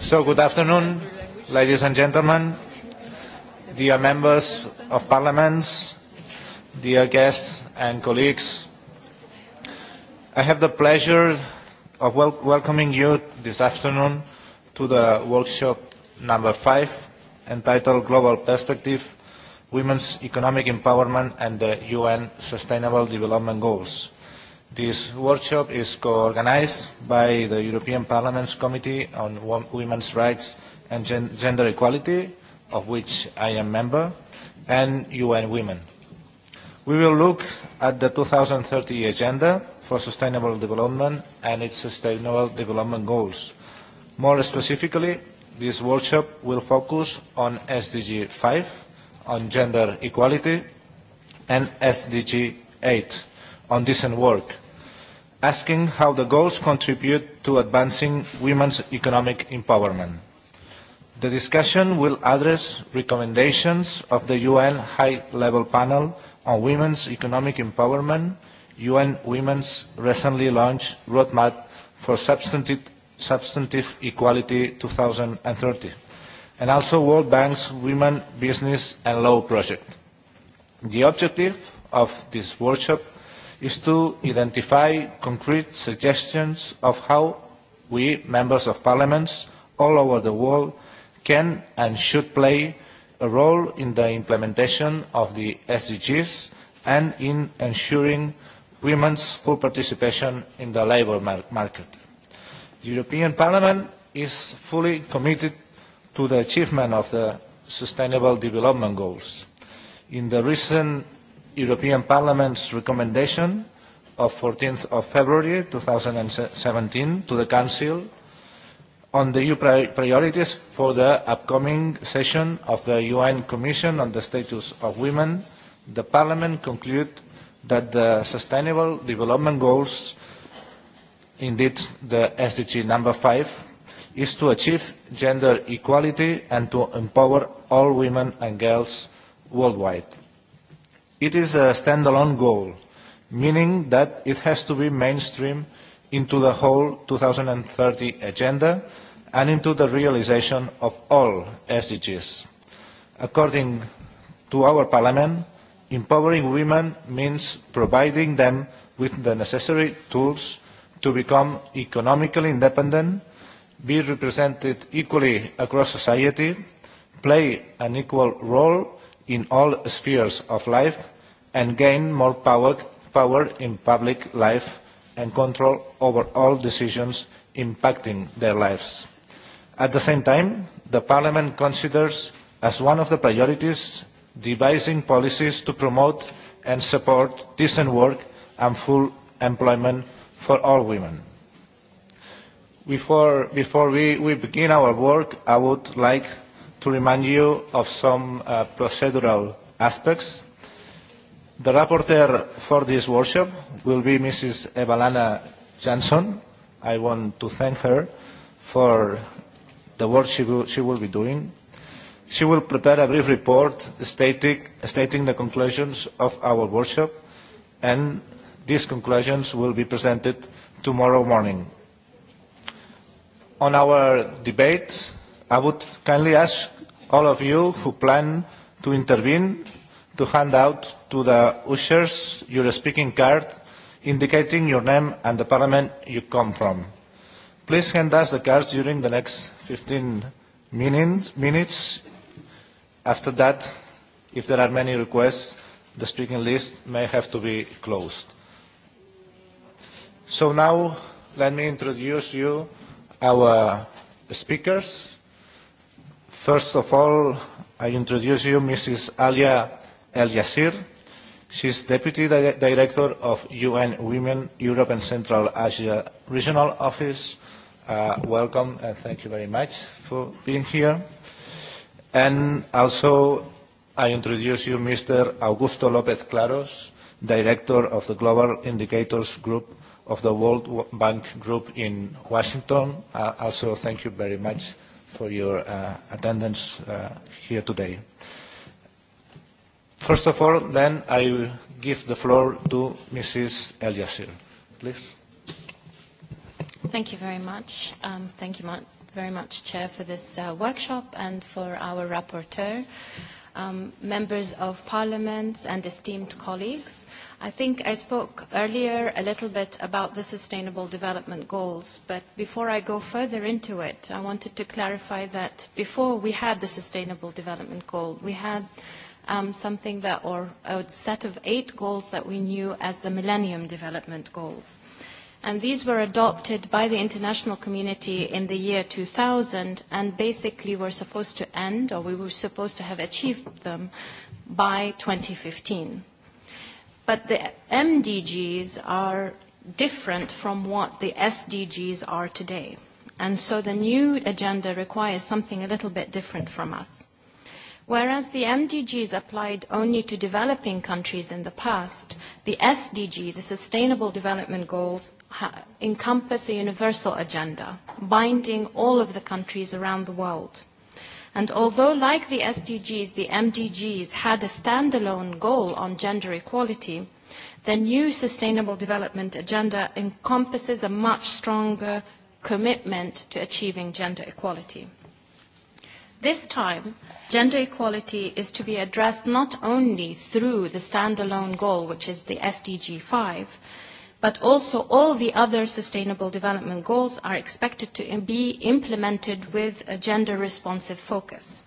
So good afternoon, ladies and gentlemen, dear members of parliaments, dear guests and colleagues. I have the pleasure of wel welcoming you this afternoon to the workshop number five, entitled Global Perspective, Women's Economic Empowerment and the UN Sustainable Development Goals. This workshop is co-organized by the European Parliament's Committee on Women's Rights and Gen Gender Equality, of which I am member, and UN Women. We will look at the 2030 Agenda for Sustainable Development and its Sustainable Development Goals. More specifically, this workshop will focus on SDG 5, on gender equality, and SDG 8, on decent work, asking how the goals contribute to advancing women's economic empowerment. The discussion will address recommendations of the UN High-Level Panel on Women's Economic Empowerment, UN Women's recently launched Roadmap for Substantive, Substantive Equality 2030, and also World Bank's Women, Business and Law project. The objective of this workshop is to identify concrete suggestions of how we, members of parliaments all over the world, can and should play a role in the implementation of the SDGs and in ensuring women's full participation in the labour mar market. The European Parliament is fully committed to the achievement of the Sustainable Development Goals. In the recent European Parliament's recommendation of 14th of February 2017 to the Council on the EU pri priorities for the upcoming session of the UN Commission on the Status of Women, the Parliament conclude that the Sustainable Development Goals, indeed the SDG number 5, is to achieve gender equality and to empower all women and girls worldwide. It is a standalone goal, meaning that it has to be mainstream into the whole 2030 agenda and into the realization of all SDGs. According to our Parliament, empowering women means providing them with the necessary tools to become economically independent, be represented equally across society, play an equal role in all spheres of life, and gain more power, power in public life and control over all decisions impacting their lives. At the same time, the Parliament considers as one of the priorities devising policies to promote and support decent work and full employment for all women. Before, before we, we begin our work, I would like to remind you of some uh, procedural aspects The rapporteur for this workshop will be Mrs. Evalana Jansson. I want to thank her for the work she will, she will be doing. She will prepare a brief report stating, stating the conclusions of our workshop, and these conclusions will be presented tomorrow morning. On our debate, I would kindly ask all of you who plan to intervene to hand out to the ushers your speaking card indicating your name and the parliament you come from. Please hand us the cards during the next 15 minute, minutes. After that, if there are many requests, the speaking list may have to be closed. So now, let me introduce you our speakers. First of all, I introduce you Mrs. Alia El Yassir. She's Deputy Di Director of UN Women Europe and Central Asia Regional Office. Uh, welcome and thank you very much for being here. And also I introduce you Mr. Augusto López Claros, Director of the Global Indicators Group of the World Bank Group in Washington. Uh, also, thank you very much for your uh, attendance uh, here today. Uh, First of all, then I will give the floor to Mrs. El Yassir. Please. Thank you very much. Um, thank you very much, Chair, for this uh, workshop and for our rapporteur, um, members of Parliament and esteemed colleagues. I think I spoke earlier a little bit about the Sustainable Development Goals, but before I go further into it, I wanted to clarify that before we had the Sustainable Development Goal, we had uh, um, something that, or a set of eight goals that we knew as the Millennium Development Goals. And these were adopted by the international community in the year 2000 and basically were supposed to end, or we were supposed to have achieved them by 2015. But the MDGs are different from what the SDGs are today. And so the new agenda requires something a little bit different from us. Whereas the MDGs applied only to developing countries in the past, the SDG, the Sustainable Development Goals, ha- encompass a universal agenda, binding all of the countries around the world. And although, like the SDGs, the MDGs had a standalone goal on gender equality, the new Sustainable Development Agenda encompasses a much stronger commitment to achieving gender equality. This time, gender equality is to be addressed not only through the standalone goal, which is the SDG 5, but also all the other sustainable development goals are expected to be implemented with a gender responsive focus.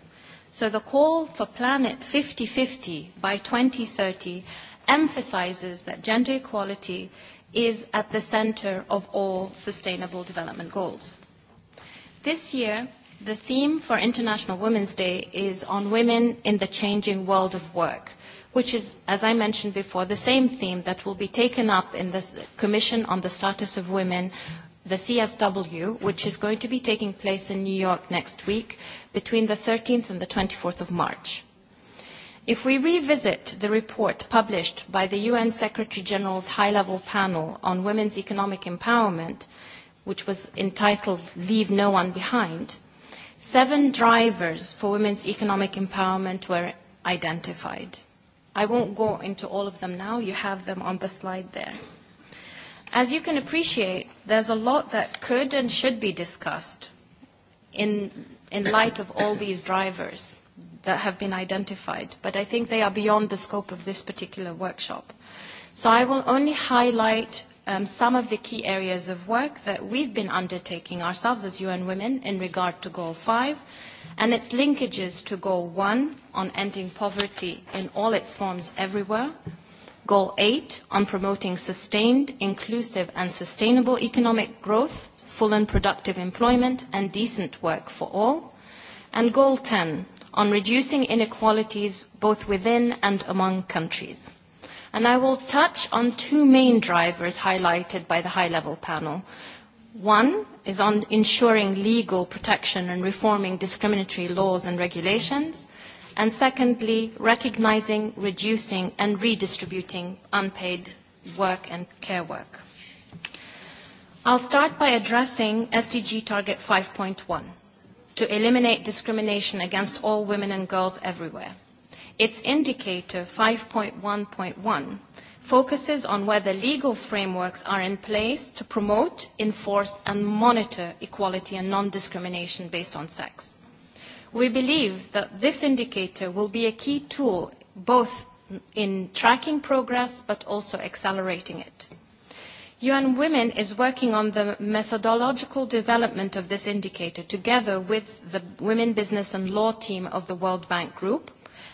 So the call for planet 50-50 by 2030 emphasizes that gender equality is at the center of all sustainable development goals. This year, The theme for International Women's Day is on women in the changing world of work, which is, as I mentioned before, the same theme that will be taken up in the Commission on the Status of Women, the CSW, which is going to be taking place in New York next week between the 13th and the 24th of March. If we revisit the report published by the UN Secretary General's High-Level Panel on Women's Economic Empowerment, which was entitled Leave No One Behind, Seven drivers for women's economic empowerment were identified. I won't go into all of them now. You have them on the slide there. As you can appreciate, there's a lot that could and should be discussed in, in light of all these drivers that have been identified, but I think they are beyond the scope of this particular workshop. So I will only highlight um, some of the key areas of work that we've been undertaking ourselves as UN Women in regard to Goal 5 and its linkages to Goal 1 on ending poverty in all its forms everywhere, Goal 8 on promoting sustained, inclusive and sustainable economic growth, full and productive employment and decent work for all, and Goal 10 on reducing inequalities both within and among countries and I will touch on two main drivers highlighted by the high-level panel. One is on ensuring legal protection and reforming discriminatory laws and regulations, and secondly, recognizing, reducing, and redistributing unpaid work and care work. I'll start by addressing SDG Target 5.1 to eliminate discrimination against all women and girls everywhere. Its indicator 5.1.1 focuses on whether legal frameworks are in place to promote, enforce, and monitor equality and non-discrimination based on sex. We believe that this indicator will be a key tool both in tracking progress but also accelerating it. UN Women is working on the methodological development of this indicator together with the Women Business and Law team of the World Bank Group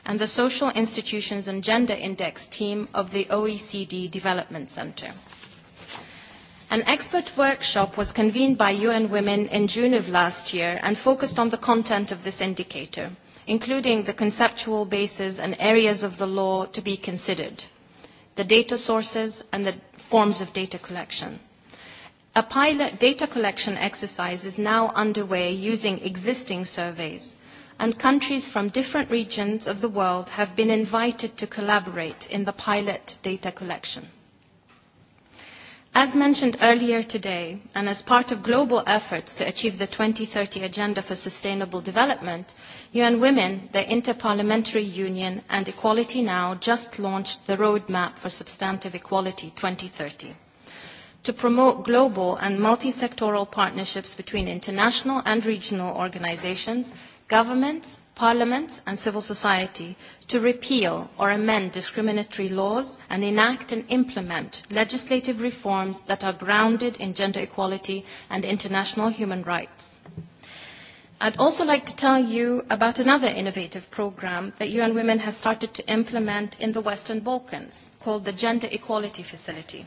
and the Social Institutions and Gender Index team of the OECD Development Center. An expert workshop was convened by UN Women in June of last year and focused on the content of this indicator, including the conceptual bases and areas of the law to be considered, the data sources and the forms of data collection. A pilot data collection exercise is now underway using existing surveys and countries from different regions of the world have been invited to collaborate in the pilot data collection. As mentioned earlier today, and as part of global efforts to achieve the 2030 Agenda for Sustainable Development, UN Women, the Interparliamentary Union, and Equality Now just launched the Roadmap for Substantive Equality 2030 to promote global and multi-sectoral partnerships between international and regional organizations governments, parliaments and civil society to repeal or amend discriminatory laws and enact and implement legislative reforms that are grounded in gender equality and international human rights. I'd also like to tell you about another innovative program that UN Women has started to implement in the Western Balkans called the Gender Equality Facility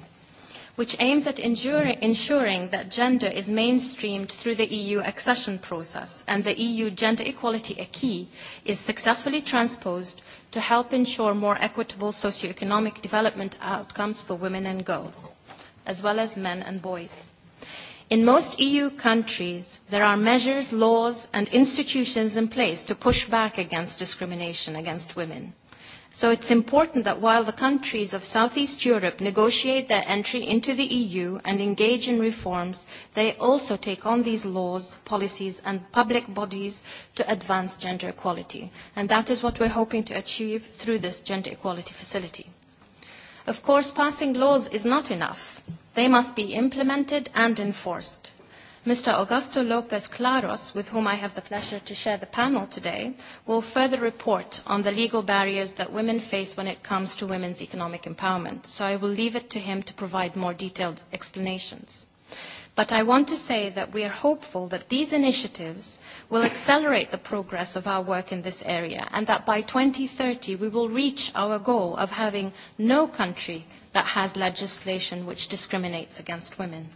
which aims at ensuring, ensuring that gender is mainstreamed through the EU accession process and the EU Gender Equality Acquis is successfully transposed to help ensure more equitable socioeconomic development outcomes for women and girls, as well as men and boys. In most EU countries, there are measures, laws and institutions in place to push back against discrimination against women. So it's important that while the countries of Southeast Europe negotiate their entry into the EU and engage in reforms, they also take on these laws, policies and public bodies to advance gender equality. And that is what we're hoping to achieve through this gender equality facility. Of course, passing laws is not enough. They must be implemented and enforced. Mr. Augusto Lopez Claros, with whom I have the pleasure to share the panel today, will further report on the legal barriers that women face when it comes to women's economic empowerment, so I will leave it to him to provide more detailed explanations. But I want to say that we are hopeful that these initiatives will accelerate the progress of our work in this area, and that by 2030 we will reach our goal of having no country that has legislation which discriminates against women.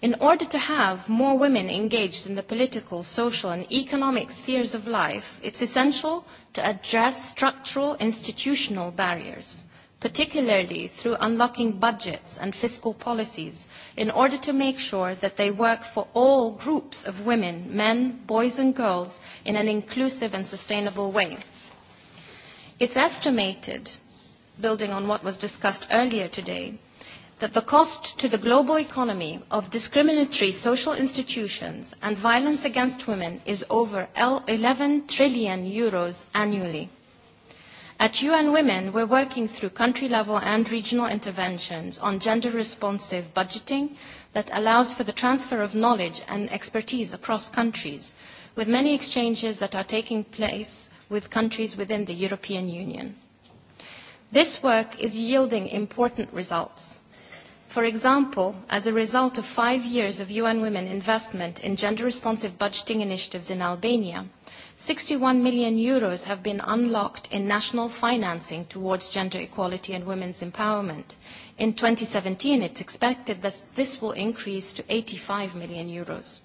In order to have more women engaged in the political, social and economic spheres of life, it's essential to address structural institutional barriers, particularly through unlocking budgets and fiscal policies in order to make sure that they work for all groups of women, men, boys and girls in an inclusive and sustainable way. It's estimated, building on what was discussed earlier today, that the cost to the global economy of discriminatory social institutions and violence against women is over 11 trillion euros annually. At UN Women, we're working through country-level and regional interventions on gender-responsive budgeting that allows for the transfer of knowledge and expertise across countries, with many exchanges that are taking place with countries within the European Union. This work is yielding important results. For example, as a result of five years of UN Women investment in gender-responsive budgeting initiatives in Albania, 61 million euros have been unlocked in national financing towards gender equality and women's empowerment. In 2017, it's expected that this will increase to 85 million euros.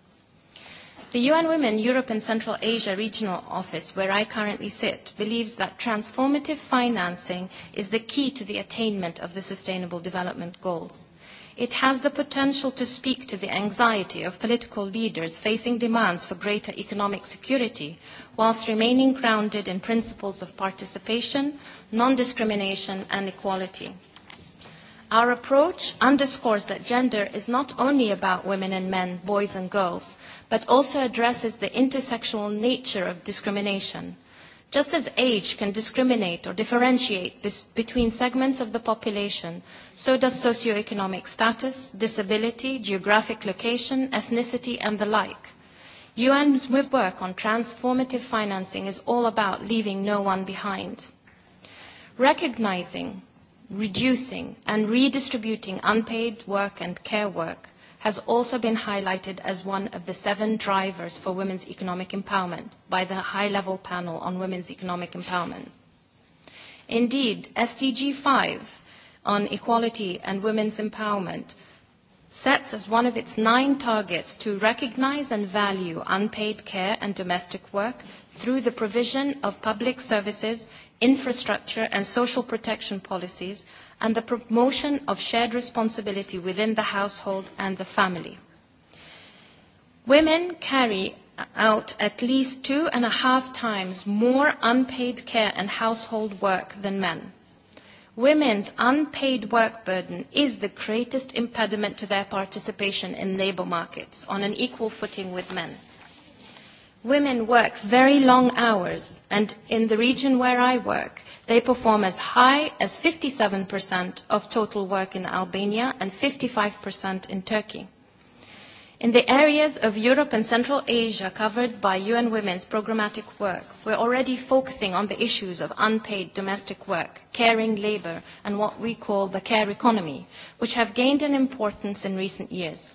The UN Women Europe and Central Asia Regional Office, where I currently sit, believes that transformative financing is the key to the attainment of the Sustainable Development Goals. It has the potential to speak to the anxiety of political leaders facing demands for greater economic security, whilst remaining grounded in principles of participation, non-discrimination and equality. Our approach underscores that gender is not only about women and men, boys and girls, but also addresses the intersectional nature of discrimination, Just as age can discriminate or differentiate between segments of the population, so does socioeconomic status, disability, geographic location, ethnicity, and the like. UN's work on transformative financing is all about leaving no one behind. Recognizing, reducing, and redistributing unpaid work and care work has also been highlighted as one of the seven drivers for women's economic empowerment by the High-Level Panel on Women's Economic Empowerment. Indeed, SDG 5 on equality and women's empowerment sets as one of its nine targets to recognize and value unpaid care and domestic work through the provision of public services, infrastructure and social protection policies and the promotion of shared responsibility within the household and the family. Women carry out at least two and a half times more unpaid care and household work than men. Women's unpaid work burden is the greatest impediment to their participation in labour markets on an equal footing with men. Women work very long hours, and in the region where I work, they perform as high as 57% of total work in Albania and 55% in Turkey. In the areas of Europe and Central Asia covered by UN Women's programmatic work, we're already focusing on the issues of unpaid domestic work, caring labor, and what we call the care economy, which have gained in importance in recent years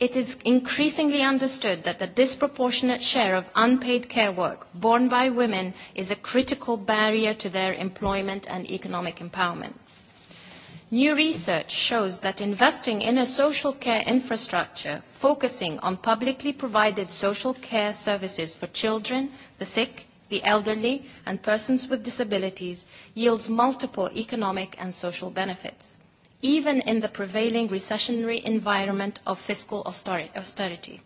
it is increasingly understood that the disproportionate share of unpaid care work borne by women is a critical barrier to their employment and economic empowerment. New research shows that investing in a social care infrastructure focusing on publicly provided social care services for children, the sick, the elderly, and persons with disabilities yields multiple economic and social benefits even in the prevailing recessionary environment of fiscal austerity.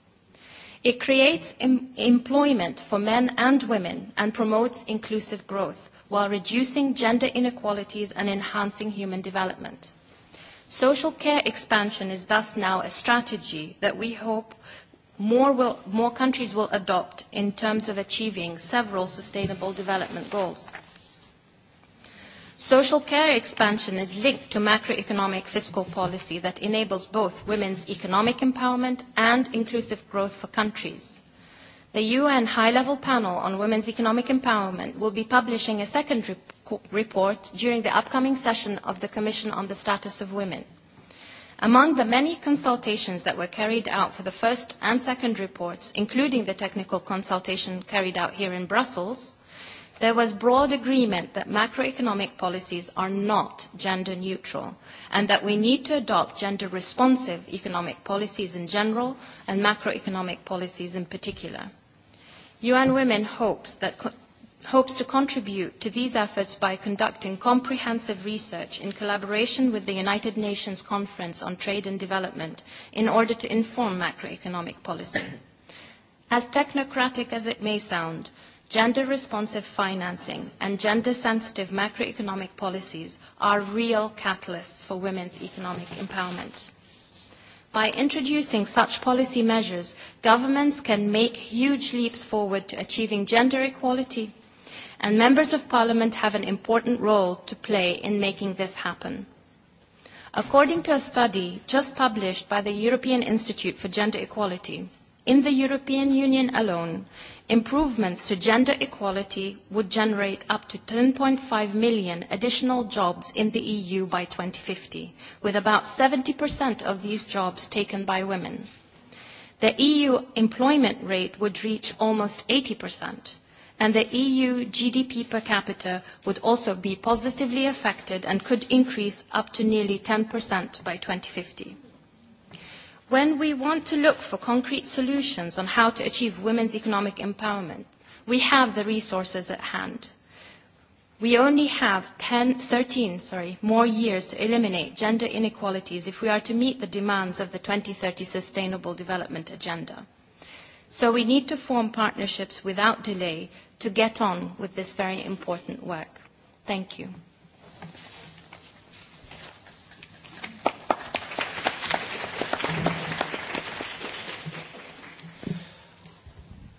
It creates em employment for men and women and promotes inclusive growth while reducing gender inequalities and enhancing human development. Social care expansion is thus now a strategy that we hope more, will, more countries will adopt in terms of achieving several sustainable development goals. Social care expansion is linked to macroeconomic fiscal policy that enables both women's economic empowerment and inclusive growth for countries. The UN High-Level Panel on Women's Economic Empowerment will be publishing a second rep report during the upcoming session of the Commission on the Status of Women. Among the many consultations that were carried out for the first and second reports, including the technical consultation carried out here in Brussels, there was broad agreement that macroeconomic policies are not gender neutral and that we need to adopt gender responsive economic policies in general and macroeconomic policies in particular. UN Women hopes, that co- hopes to contribute to these efforts by conducting comprehensive research in collaboration with the United Nations Conference on Trade and Development in order to inform macroeconomic policy. as technocratic as it may sound, Gender-responsive financing and gender-sensitive macroeconomic policies are real catalysts for women's economic empowerment. By introducing such policy measures, governments can make huge leaps forward to achieving gender equality, and members of parliament have an important role to play in making this happen. According to a study just published by the European Institute for Gender Equality, In the European Union alone, improvements to gender equality would generate up to 10.5 million additional jobs in the EU by 2050, with about 70% of these jobs taken by women. The EU employment rate would reach almost 80%, and the EU GDP per capita would also be positively affected and could increase up to nearly 10% by 2050. When we want to look for concrete solutions on how to achieve women's economic empowerment, we have the resources at hand. We only have 10, 13 sorry, more years to eliminate gender inequalities if we are to meet the demands of the 2030 Sustainable Development Agenda. So we need to form partnerships without delay to get on with this very important work. Thank you.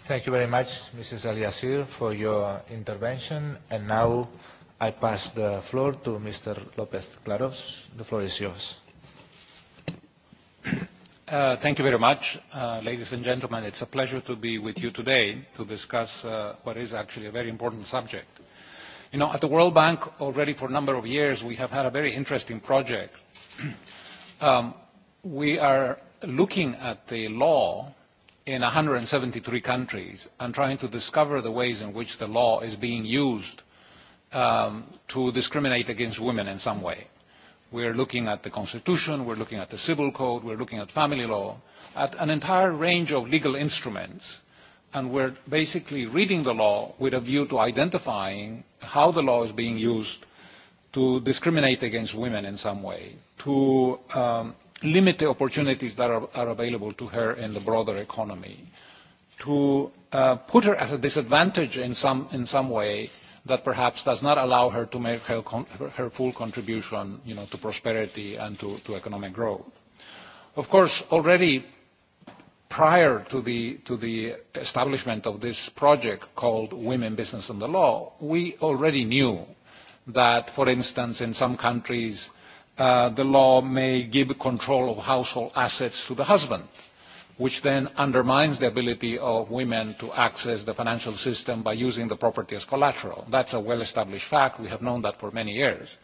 Thank you very much, Mrs. Al-Yassir, for your intervention. And now I pass the floor to Mr. López Claros. The floor is yours. Uh, thank you very much. Uh, ladies and gentlemen, it's a pleasure to be with you today to discuss uh, what is actually a very important subject. You know, at the World Bank, already for a number of years, we have had a very interesting project. um, we are looking at the law in 173 countries and trying to discover the ways in which the law is being used um, to discriminate against women in some way. We're looking at the Constitution, we're looking at the Civil Code, we're looking at family law, at an entire range of legal instruments, and we're basically reading the law with a view to identifying how the law is being used to discriminate against women in some way, to um, limit the opportunities that are, are available to her in the broader economy, to uh, put her at a disadvantage in some, in some way that perhaps does not allow her to make her, con her full contribution you know, to prosperity and to, to economic growth. Of course, already prior to the, to the establishment of this project called Women, Business and the Law, we already knew that, for instance, in some countries, uh, the law may give control of household assets to the husband, which then undermines the ability of women to access the financial system by using the property as collateral. That's a well-established fact. We have known that for many years.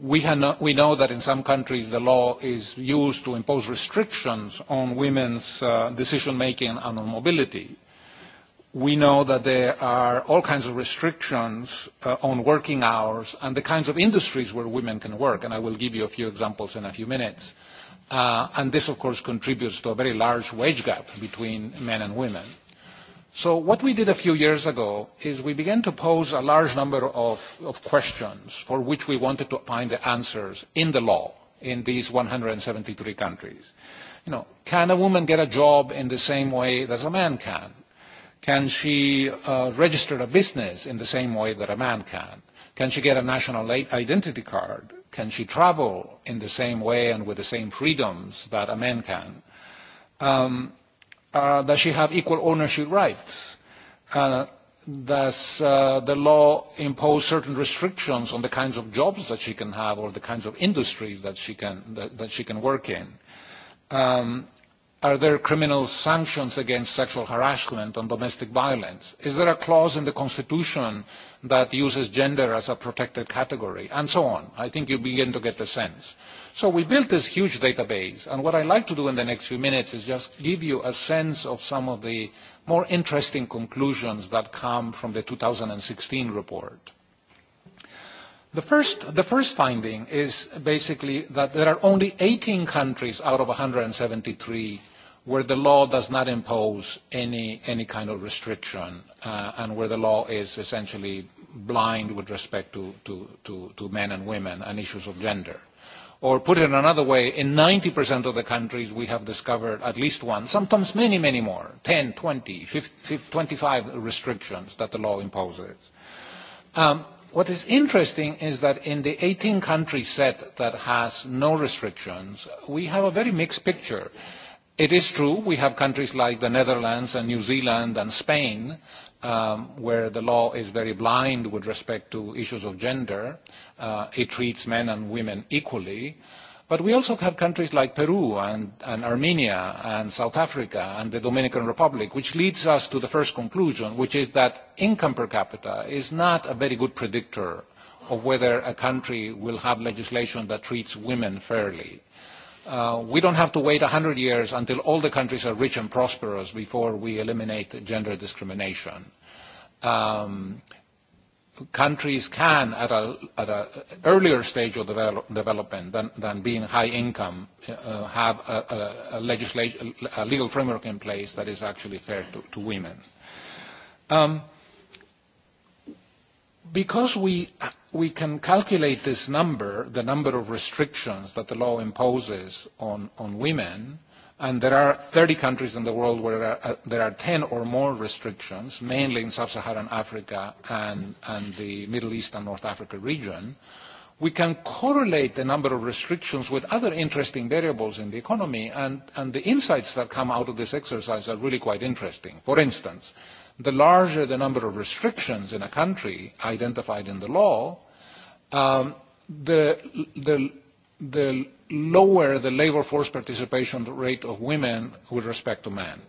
We, no, we know that in some countries the law is used to impose restrictions on women's uh, decision-making and on mobility. Uh, we know that there are all kinds of restrictions uh, on working hours and the kinds of industries where women can work, and I will give you a few examples in a few minutes. Uh, and this, of course, contributes to a very large wage gap between men and women. So what we did a few years ago is we began to pose a large number of, of questions for which we wanted to find the answers in the law in these 173 countries. You know, can a woman get a job in the same way that a man can? Can she uh, register a business in the same way that a man can? Can she get a national identity card? Can she travel in the same way and with the same freedoms that a man can? Um, uh, does she have equal ownership rights? Uh, does uh, the law impose certain restrictions on the kinds of jobs that she can have or the kinds of industries that she can, that, that she can work in? Um, Are there criminal sanctions against sexual harassment and domestic violence? Is there a clause in the Constitution that uses gender as a protected category? And so on. I think you begin to get the sense. So we built this huge database, and what I'd like to do in the next few minutes is just give you a sense of some of the more interesting conclusions that come from the 2016 report. The first, the first finding is basically that there are only 18 countries out of 173 where the law does not impose any, any kind of restriction uh, and where the law is essentially blind with respect to, to, to, to men and women and issues of gender. Or put it another way, in 90% of the countries we have discovered at least one, sometimes many, many more, 10, 20, 50, 25 restrictions that the law imposes. Um, What is interesting is that in the 18 country set that has no restrictions, we have a very mixed picture. It is true we have countries like the Netherlands and New Zealand and Spain um, where the law is very blind with respect to issues of gender. Uh, it treats men and women equally. Uh, But we also have countries like Peru and, and Armenia and South Africa and the Dominican Republic, which leads us to the first conclusion, which is that income per capita is not a very good predictor of whether a country will have legislation that treats women fairly. Uh, we don't have to wait 100 years until all the countries are rich and prosperous before we eliminate gender discrimination. Um, countries can, at an at a earlier stage of develop, development than, than being high income, uh, have a, a, a, legislation, a legal framework in place that is actually fair to, to women. Um, because we, we can calculate this number, the number of restrictions that the law imposes on, on women, uh, and there are 30 countries in the world where uh, uh there are 10 or more restrictions, mainly in sub-Saharan Africa and, and the Middle East and North Africa region, we can correlate the number of restrictions with other interesting variables in the economy, and, and the insights that come out of this exercise are really quite interesting. For instance, the larger the number of restrictions in a country identified in the law, um, the, the the lower the labor force participation rate of women with respect to men.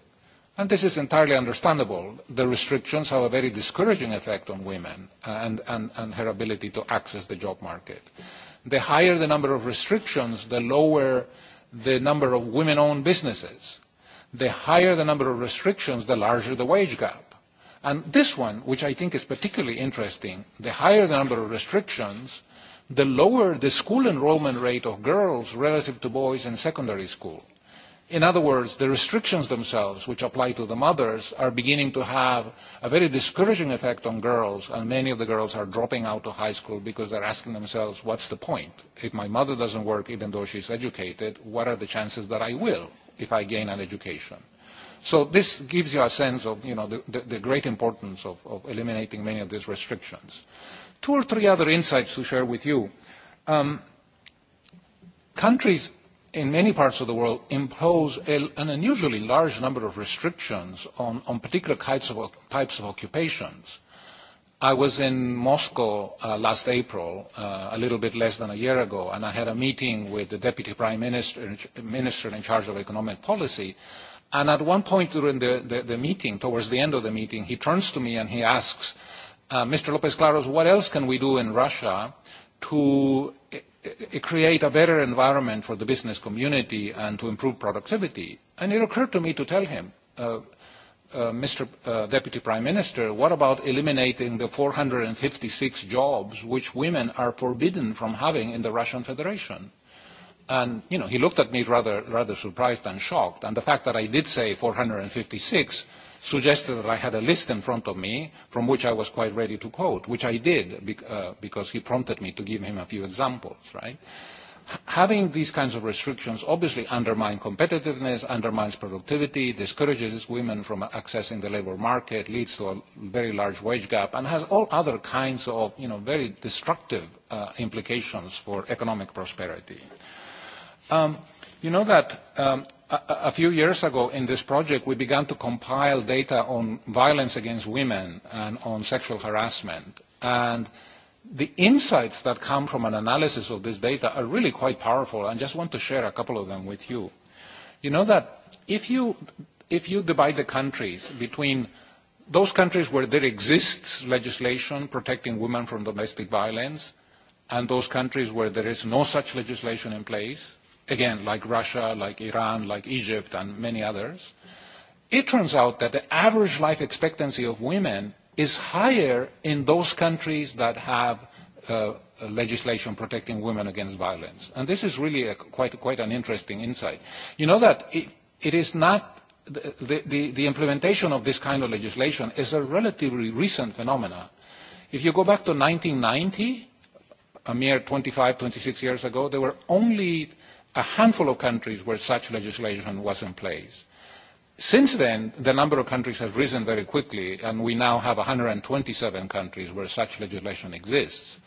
And this is entirely understandable. The restrictions have a very discouraging effect on women uh, and, and, and her ability to access the job market. The higher the number of restrictions, the lower the number of women-owned businesses. The higher the number of restrictions, the larger the wage gap. And this one, which I think is particularly interesting, the higher the number of restrictions, the lower the school enrollment rate of girls relative to boys in secondary school. In other words, the restrictions themselves, which apply to the mothers, are beginning to have a very discouraging effect on girls, and many of the girls are dropping out of high school because they're asking themselves, what's the point? If my mother doesn't work, even though she's educated, what are the chances that I will if I gain an education? So this gives you a sense of you know, the, the, the great importance of, of eliminating many of these restrictions. Uh, two or three other insights to share with you. Um, countries in many parts of the world impose a, an unusually large number of restrictions on, on particular types of, types of occupations. I was in Moscow uh, last April, uh, a little bit less than a year ago, and I had a meeting with the Deputy Prime Minister, Minister in charge of economic policy. And at one point during the, the, the meeting, towards the end of the meeting, he turns to me and he asks, Uh, Mr. López Claros, what else can we do in Russia to eh, eh, create a better environment for the business community and to improve productivity? And it occurred to me to tell him, uh, uh, Mr. Uh, Deputy Prime Minister, what about eliminating the 456 jobs which women are forbidden from having in the Russian Federation? And, you know, he looked at me rather, rather surprised and shocked. And the fact that I did say 456 suggested that I had a list in front of me from which I was quite ready to quote, which I did bec uh, because he prompted me to give him a few examples, right? H having these kinds of restrictions obviously undermines competitiveness, undermines productivity, discourages women from accessing the labor market, leads to a very large wage gap, and has all other kinds of you know, very destructive uh, implications for economic prosperity. Um, You know that um, a, a few years ago in this project, we began to compile data on violence against women and on sexual harassment. And the insights that come from an analysis of this data are really quite powerful. I just want to share a couple of them with you. You know that if you, if you divide the countries between those countries where there exists legislation protecting women from domestic violence and those countries where there is no such legislation in place, again, like Russia, like Iran, like Egypt, and many others, it turns out that the average life expectancy of women is higher in those countries that have uh, legislation protecting women against violence. And this is really a, quite, quite an interesting insight. You know that it, it is not the, the, the implementation of this kind of legislation is a relatively recent phenomenon. If you go back to 1990, a mere 25, 26 years ago, there were only a handful of countries where such legislation was in place. Since then, the number of countries has risen very quickly, and we now have 127 countries where such legislation exists.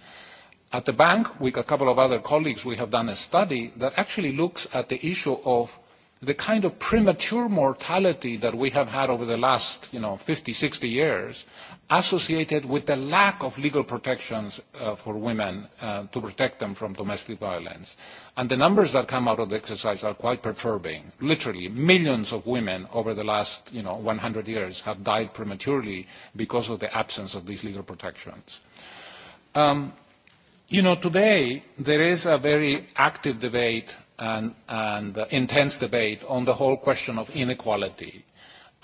At the bank, with a couple of other colleagues, we have done a study that actually looks at the issue of the kind of premature mortality that we have had over the last you know, 50, 60 years associated with the lack of legal protections uh, for women uh, to protect them from domestic violence. And the numbers that come out of the exercise are quite perturbing. Literally, millions of women over the last you know, 100 years have died prematurely because of the absence of these legal protections. Um, you know, today there is a very active debate and, and uh, intense debate on the whole question of inequality. Uh,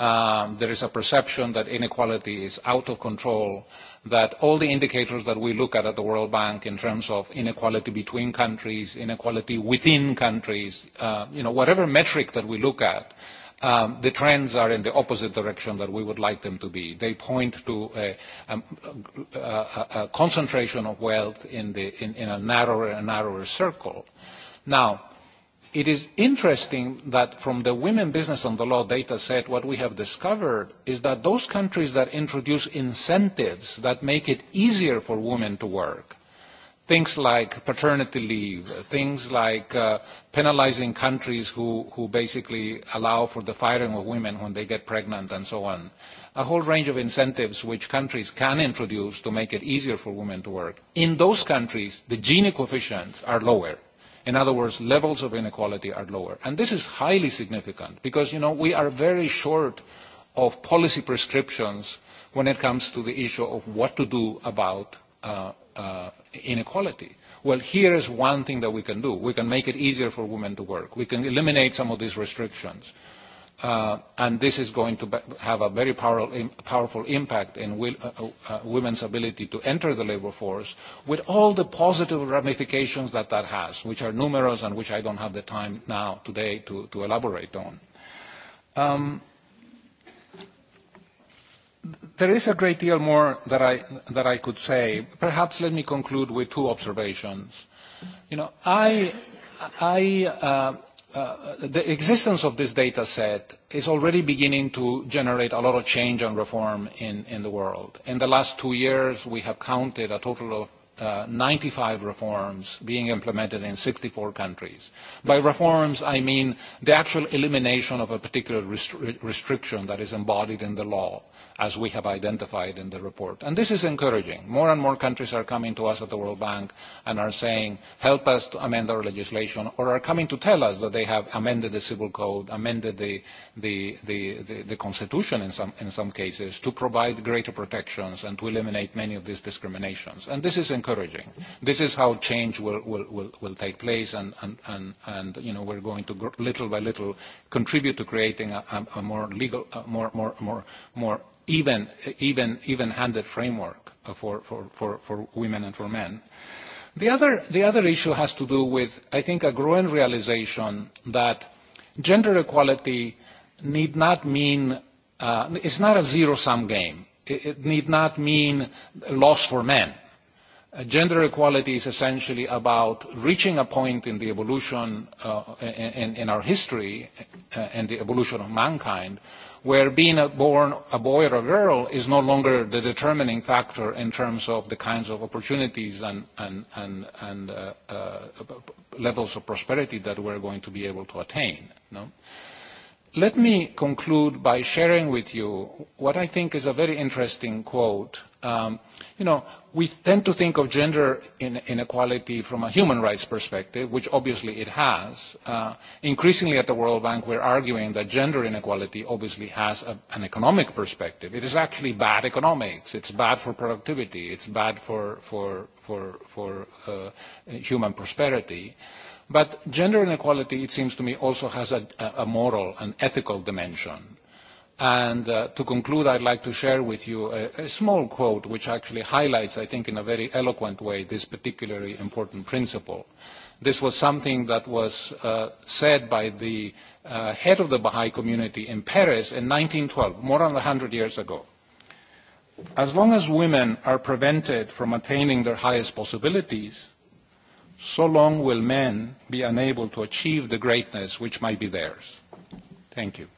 um, there is a perception that inequality is out of control, that all the indicators that we look at at the World Bank in terms of inequality between countries, inequality within countries, uh, you know, whatever metric that we look at, um, the trends are in the opposite direction that we would like them to be. They point to a, a, a, a concentration of wealth in, the, in, in a narrower and narrower circle. Now, It is interesting that from the Women Business on the Law data set, what we have discovered is that those countries that introduce incentives that make it easier for women to work, things like paternity leave, things like uh, penalizing countries who, who basically allow for the firing of women when they get pregnant and so on, a whole range of incentives which countries can introduce to make it easier for women to work. In those countries, the Gini coefficients are lower In other words, levels of inequality are lower. And this is highly significant because, you know, we are very short of policy prescriptions when it comes to the issue of what to do about uh, uh, inequality. Well, here is one thing that we can do. We can make it easier for women to work. We can eliminate some of these restrictions. Uh, uh, and this is going to have a very power, Im, powerful impact in will, uh, uh, uh, women's ability to enter the labor force with all the positive ramifications that that has, which are numerous and which I don't have the time now today to, to elaborate on. Um, there is a great deal more that I, that I could say. Perhaps let me conclude with two observations. You know, I, I uh, Uh, uh, the existence of this data set is already beginning to generate a lot of change and reform in, in the world. In the last two years, we have counted a total of uh, 95 reforms being implemented in 64 countries. By reforms, I mean the actual elimination of a particular restri- restriction that is embodied in the law, as we have identified in the report. And this is encouraging. More and more countries are coming to us at the World Bank and are saying, help us to amend our legislation, or are coming to tell us that they have amended the civil code, amended the, the, the, the, the constitution in some, in some cases, to provide greater protections and to eliminate many of these discriminations. And this is encouraging encouraging. This is how change will, will, will, will take place, and, and, and, and you know, we're going to gr- little by little contribute to creating a, a, a more legal, a more, more, more, more even, even, even-handed framework for, for, for, for women and for men. The other, the other issue has to do with, I think, a growing realization that gender equality need not mean uh, it's not a zero-sum game. It, it need not mean loss for men. Uh, gender equality is essentially about reaching a point in the evolution uh, in, in our history uh, and the evolution of mankind where being a born a boy or a girl is no longer the determining factor in terms of the kinds of opportunities and, and, and, and uh, uh, levels of prosperity that we're going to be able to attain. No? Let me conclude by sharing with you what I think is a very interesting quote um, – you know, we tend to think of gender in, inequality from a human rights perspective, which obviously it has. Uh, increasingly at the World Bank, we're arguing that gender inequality obviously has a, an economic perspective. It is actually bad economics. It's bad for productivity. It's bad for, for, for, for uh, human prosperity. But gender inequality, it seems to me, also has a, a moral and ethical dimension And uh, to conclude, I'd like to share with you a, a small quote which actually highlights, I think, in a very eloquent way, this particularly important principle. This was something that was uh, said by the uh, head of the Baha'i community in Paris in 1912, more than 100 years ago. As long as women are prevented from attaining their highest possibilities, so long will men be unable to achieve the greatness which might be theirs. Thank you.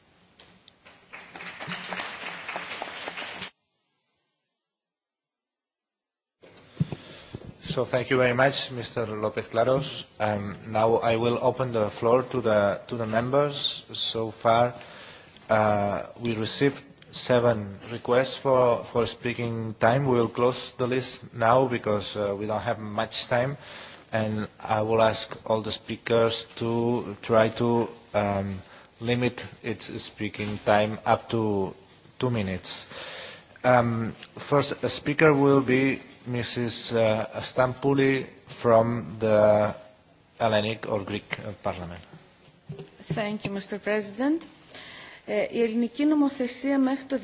So thank you very much, Mr. López Claros. Um, now I will open the floor to the, to the members. So far, uh, we received seven requests for, for speaking time. We will close the list now because uh, we don't have much time. And I will ask all the speakers to try to um, – limit its speaking time up to two minutes. Um, first speaker will be Mrs. Uh, Stampouli from the Hellenic or Greek uh, Parliament. Thank you, Mr. President. Η ελληνική νομοθεσία μέχρι το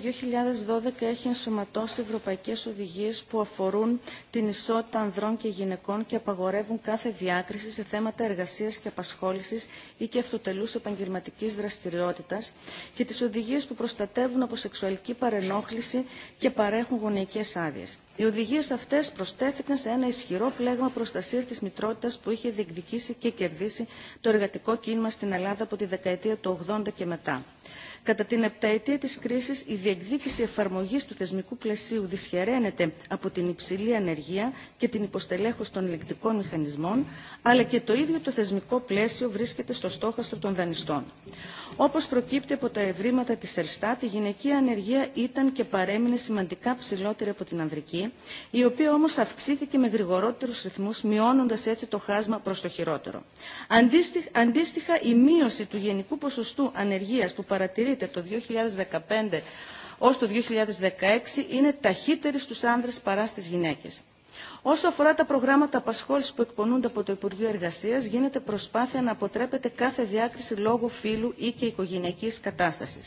2012 έχει ενσωματώσει ευρωπαϊκές οδηγίες που αφορούν την ισότητα ανδρών και γυναικών και απαγορεύουν κάθε διάκριση σε θέματα εργασίας και απασχόλησης ή και αυτοτελούς επαγγελματικής δραστηριότητας και τις οδηγίες που προστατεύουν από σεξουαλική παρενόχληση και παρέχουν γονεϊκές άδειες. Οι οδηγίες αυτές προστέθηκαν σε ένα ισχυρό πλέγμα προστασίας της μητρότητας που είχε διεκδικήσει και κερδίσει το εργατικό κίνημα στην Ελλάδα από τη δεκαετία του 80 και μετά. Κατά την επταετία της κρίσης, η διεκδίκηση εφαρμογής του θεσμικού πλαισίου δυσχεραίνεται από την υψηλή ανεργία και την υποστελέχωση των ελεκτικών μηχανισμών, αλλά και το ίδιο το θεσμικό πλαίσιο βρίσκεται στο στόχαστρο των δανειστών. Όπως προκύπτει από τα ευρήματα της Ελστάτ, η γυναικεία ανεργία ήταν και παρέμεινε σημαντικά ψηλότερη από την ανδρική, η οποία όμως αυξήθηκε με γρηγορότερους ρυθμούς, μειώνοντας έτσι το χάσμα προς το χειρότερο. Αντίστοιχα, η μείωση του γενικού ποσοστού ανεργίας που παρατηρείται παρατηρείται το 2015 ως το 2016 είναι ταχύτερη στους άνδρες παρά στις γυναίκες. Όσο αφορά τα προγράμματα απασχόληση που εκπονούνται από το Υπουργείο Εργασία, γίνεται προσπάθεια να αποτρέπεται κάθε διάκριση λόγω φύλου ή και οικογενειακή κατάσταση.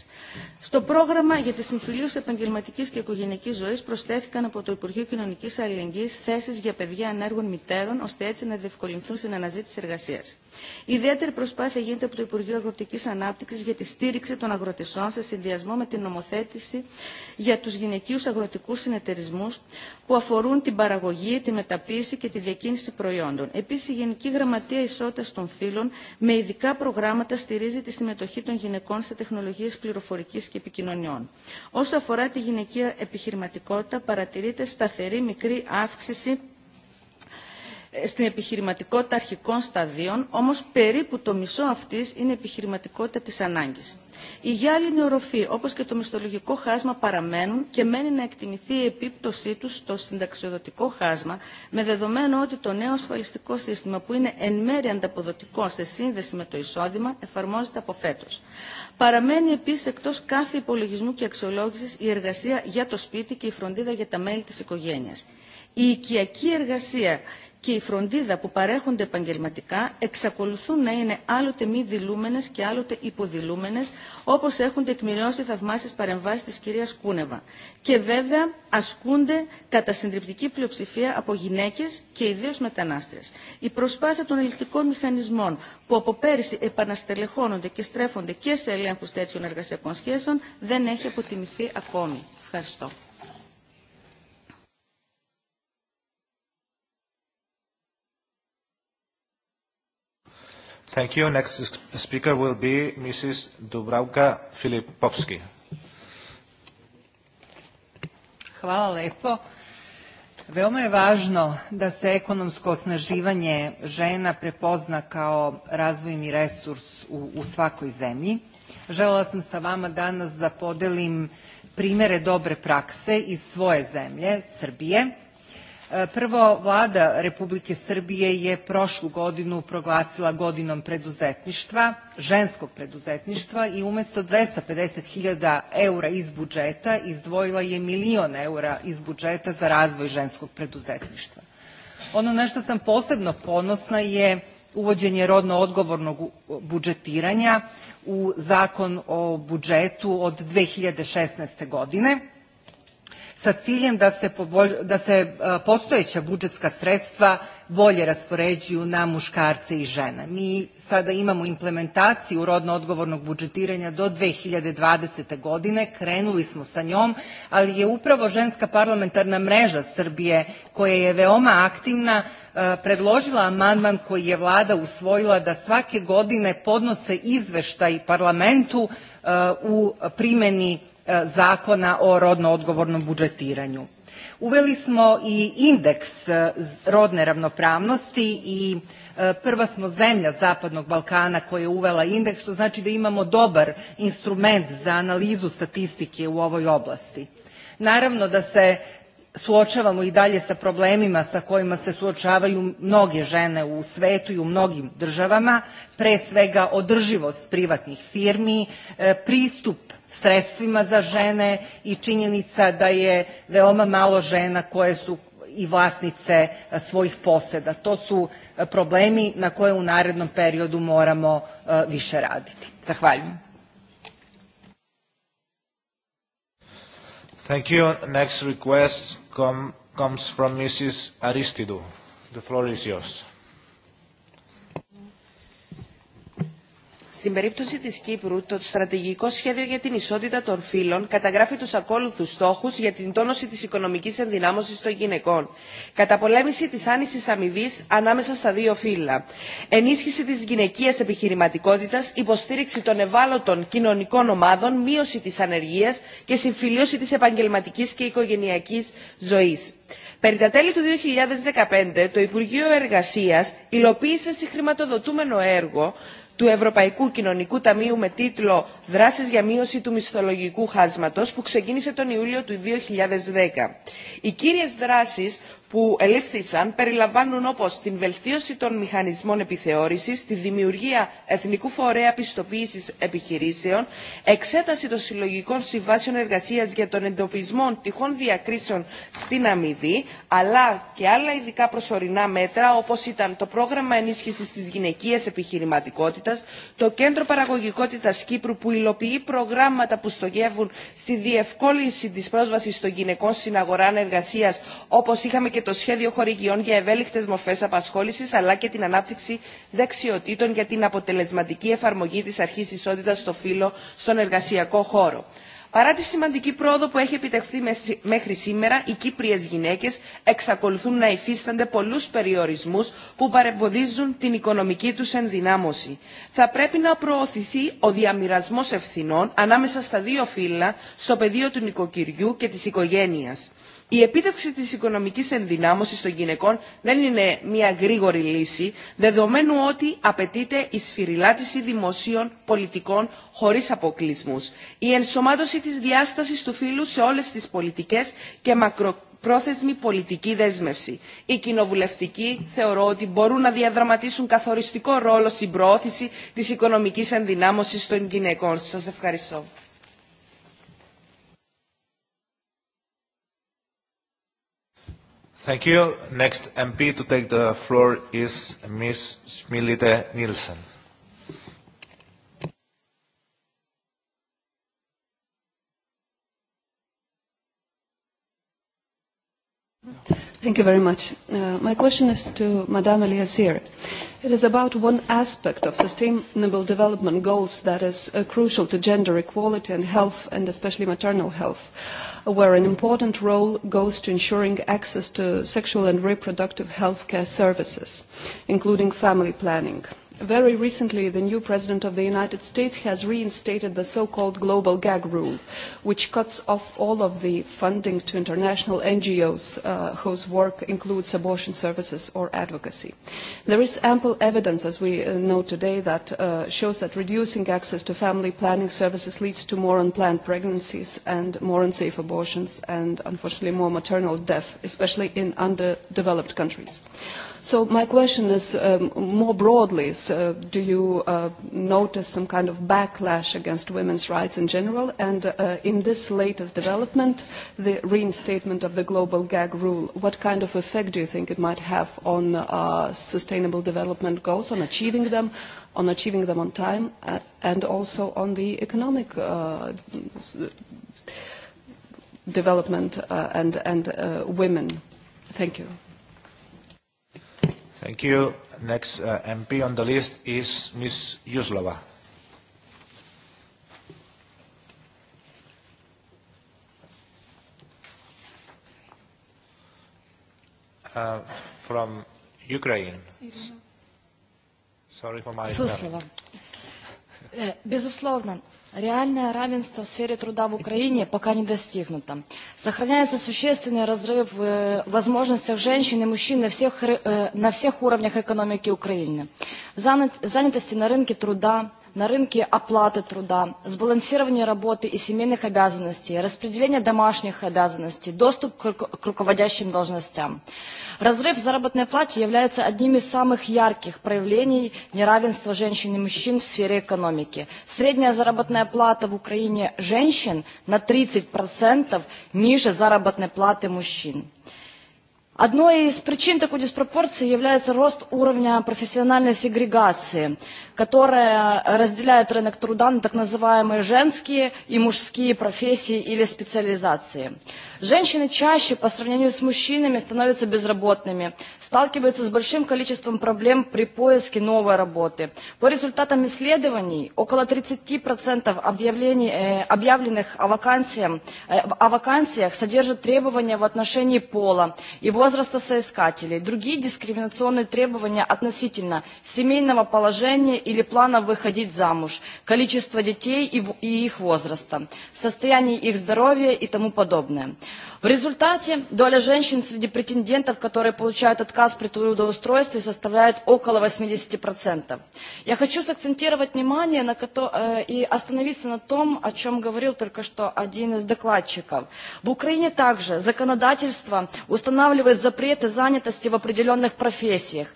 Στο πρόγραμμα για τη συμφιλίωση επαγγελματική και οικογενειακή ζωή προσθέθηκαν από το Υπουργείο Κοινωνική Αλληλεγγύη θέσει για παιδιά ανέργων μητέρων, ώστε έτσι να διευκολυνθούν στην αναζήτηση εργασία. Ιδιαίτερη προσπάθεια γίνεται από το Υπουργείο Αγροτική Ανάπτυξη για τη στήριξη των αγροτησών σε συνδυασμό με την νομοθέτηση για του γυναικείου αγροτικού συνεταιρισμού που αφορούν την παραγωγή, τη μεταποίηση και τη διακίνηση προϊόντων. Επίση, η Γενική Γραμματεία Ισότητα των Φύλων με ειδικά προγράμματα στηρίζει τη συμμετοχή των γυναικών σε τεχνολογίε πληροφορική και επικοινωνιών. Όσο αφορά τη γυναική επιχειρηματικότητα, παρατηρείται σταθερή μικρή αύξηση στην επιχειρηματικότητα αρχικών σταδίων, όμως περίπου το μισό αυτής είναι επιχειρηματικότητα της ανάγκης. Η γυάλινη οροφή, όπως και το μισθολογικό χάσμα, παραμένουν και μένει να εκτιμηθεί η επίπτωσή τους στο συνταξιοδοτικό χάσμα, με δεδομένο ότι το νέο ασφαλιστικό σύστημα, που είναι εν μέρει ανταποδοτικό σε σύνδεση με το εισόδημα, εφαρμόζεται από φέτος. Παραμένει επίσης εκτός κάθε υπολογισμού και αξιολόγησης η εργασία για το σπίτι και η φροντίδα για τα μέλη της οικογένειας. Η οικιακή εργασία και η φροντίδα που παρέχονται επαγγελματικά εξακολουθούν να είναι άλλοτε μη δηλούμενε και άλλοτε υποδηλούμενε, όπω έχουν τεκμηριώσει θαυμάσιε παρεμβάσει τη κυρία Κούνεβα. Και βέβαια ασκούνται κατά συντριπτική πλειοψηφία από γυναίκε και ιδίω μετανάστρε. Η προσπάθεια των ελεκτικών μηχανισμών που από πέρυσι επαναστελεχώνονται και στρέφονται και σε ελέγχου τέτοιων εργασιακών σχέσεων δεν έχει αποτιμηθεί ακόμη. Ευχαριστώ. Thank you. Next speaker will be Mrs. Dubravka Filipovski. Hvala lepo. Veoma je važno da se ekonomsko osnaživanje žena prepozna kao razvojni resurs u, u svakoj zemlji. Želela sam sa vama danas da podelim primere dobre prakse iz svoje zemlje, Srbije E, prvo, vlada Republike Srbije je prošlu godinu proglasila godinom preduzetništva, ženskog preduzetništva i umesto 250.000 eura iz budžeta izdvojila je milion eura iz budžeta za razvoj ženskog preduzetništva. Ono na što sam posebno ponosna je uvođenje rodno odgovornog budžetiranja u zakon o budžetu od 2016. godine sa ciljem da se, pobolj, da se e, postojeća budžetska sredstva bolje raspoređuju na muškarce i žene. Mi sada imamo implementaciju rodno odgovornog budžetiranja do 2020. godine, krenuli smo sa njom, ali je upravo ženska parlamentarna mreža Srbije koja je veoma aktivna e, predložila amandman koji je vlada usvojila da svake godine podnose izveštaj parlamentu e, u primeni E, zakona o rodno odgovornom budžetiranju. Uveli smo i indeks e, rodne ravnopravnosti i e, prva smo zemlja Zapadnog Balkana koja je uvela indeks, što znači da imamo dobar instrument za analizu statistike u ovoj oblasti. Naravno da se suočavamo i dalje sa problemima sa kojima se suočavaju mnoge žene u svetu i u mnogim državama, pre svega održivost privatnih firmi, pristup sredstvima za žene i činjenica da je veoma malo žena koje su i vlasnice e, svojih poseda. To su e, problemi na koje u narednom periodu moramo e, više raditi. Zahvaljujem. Thank you. Next request com comes from Mrs. Aristidou. The floor is yours. Στην περίπτωση της Κύπρου, το στρατηγικό σχέδιο για την ισότητα των φύλων καταγράφει τους ακόλουθους στόχους για την τόνωση της οικονομικής ενδυνάμωσης των γυναικών, καταπολέμηση της άνησης αμοιβή ανάμεσα στα δύο φύλλα, ενίσχυση της γυναικείας επιχειρηματικότητας, υποστήριξη των ευάλωτων κοινωνικών ομάδων, μείωση της ανεργίας και συμφιλίωση της επαγγελματικής και οικογενειακής ζωής. Περί τα τέλη του 2015, το Υπουργείο Εργασίας υλοποίησε συγχρηματοδοτούμενο έργο του Ευρωπαϊκού Κοινωνικού Ταμείου με τίτλο «Δράσεις για μείωση του μισθολογικού χάσματος» που ξεκίνησε τον Ιούλιο του 2010. Οι κύριες δράσεις που ελήφθησαν περιλαμβάνουν όπως την βελτίωση των μηχανισμών επιθεώρησης, τη δημιουργία εθνικού φορέα πιστοποίησης επιχειρήσεων, εξέταση των συλλογικών συμβάσεων εργασίας για τον εντοπισμό τυχών διακρίσεων στην αμοιβή, αλλά και άλλα ειδικά προσωρινά μέτρα όπως ήταν το πρόγραμμα ενίσχυσης της γυναικείας επιχειρηματικότητας, το κέντρο παραγωγικότητας Κύπρου που υλοποιεί προγράμματα που στοχεύουν στη διευκόλυνση της πρόσβασης των γυναικών στην αγορά εργασίας όπως είχαμε και το σχέδιο χορηγιών για ευέλικτε μορφέ απασχόληση αλλά και την ανάπτυξη δεξιοτήτων για την αποτελεσματική εφαρμογή τη αρχή ισότητα στο φύλλο στον εργασιακό χώρο. Παρά τη σημαντική πρόοδο που έχει επιτευχθεί μέχρι σήμερα, οι Κύπριες γυναίκες εξακολουθούν να υφίστανται πολλούς περιορισμούς που παρεμποδίζουν την οικονομική τους ενδυνάμωση. Θα πρέπει να προωθηθεί ο διαμοιρασμός ευθυνών ανάμεσα στα δύο φύλλα στο πεδίο του νοικοκυριού και της οικογένειας. Η επίτευξη της οικονομικής ενδυνάμωσης των γυναικών δεν είναι μια γρήγορη λύση, δεδομένου ότι απαιτείται η σφυριλάτηση δημοσίων πολιτικών χωρίς αποκλεισμούς, η ενσωμάτωση της διάστασης του φύλου σε όλες τις πολιτικές και μακρο, πρόθεσμη πολιτική δέσμευση. Οι κοινοβουλευτικοί θεωρώ ότι μπορούν να διαδραματίσουν καθοριστικό ρόλο στην προώθηση της οικονομικής ενδυνάμωσης των γυναικών. Σας ευχαριστώ. Thank you. Next MP to take the floor is Ms. Smilite Nielsen. Thank you very much. Uh, my question is to Madame Eliasir. It is about one aspect of sustainable development goals that is uh, crucial to gender equality and health, and especially maternal health, where an important role goes to ensuring access to sexual and reproductive health care services, including family planning. Uh, Very recently, the new President of the United States has reinstated the so-called global gag rule, which cuts off all of the funding to international NGOs uh, whose work includes abortion services or advocacy. There is ample evidence, as we uh, know today, that uh, shows that reducing access to family planning services leads to more unplanned pregnancies and more unsafe abortions and, unfortunately, more maternal death, especially in underdeveloped countries. So my question is um, more broadly, so uh, do you uh, notice some kind of backlash against women's rights in general? And uh, in this latest development, the reinstatement of the global gag rule, what kind of effect do you think it might have on uh, sustainable development goals, on achieving them, on achieving them on time, uh, and also on the economic uh, development uh, and, and uh, women? Thank you. Thank you. Next uh, MP on the list is Ms. Yuslova. Uh, from Ukraine. Sorry for my... Суслова. Безусловно, eh, Реальное равенство в сфере труда в Украине пока не достигнуто. Сохраняется существенный разрыв э, в возможностях женщин и мужчин на всех, э, на всех уровнях экономики Украины. В занятости на рынке труда, на рынке оплаты труда, сбалансирование работы и семейных обязанностей, распределение домашних обязанностей, доступ к руководящим должностям. Разрыв в заработной плате является одним из самых ярких проявлений неравенства женщин и мужчин в сфере экономики. Средняя заработная плата в Украине женщин на 30% ниже заработной платы мужчин. Одной из причин такой диспропорции является рост уровня профессиональной сегрегации, которая разделяет рынок труда на так называемые женские и мужские профессии или специализации. Женщины чаще по сравнению с мужчинами становятся безработными, сталкиваются с большим количеством проблем при поиске новой работы. По результатам исследований около 30% объявлений, э, объявленных о, вакансиям, э, о вакансиях содержат требования в отношении пола, его возраста соискателей, другие дискриминационные требования относительно семейного положения или плана выходить замуж, количества детей и их возраста, состояние их здоровья и тому подобное. В результате доля женщин среди претендентов, которые получают отказ при трудоустройстве, составляет около 80%. Я хочу сакцентировать внимание на, э, и остановиться на том, о чем говорил только что один из докладчиков. В Украине также законодательство устанавливает запреты занятости в определенных профессиях.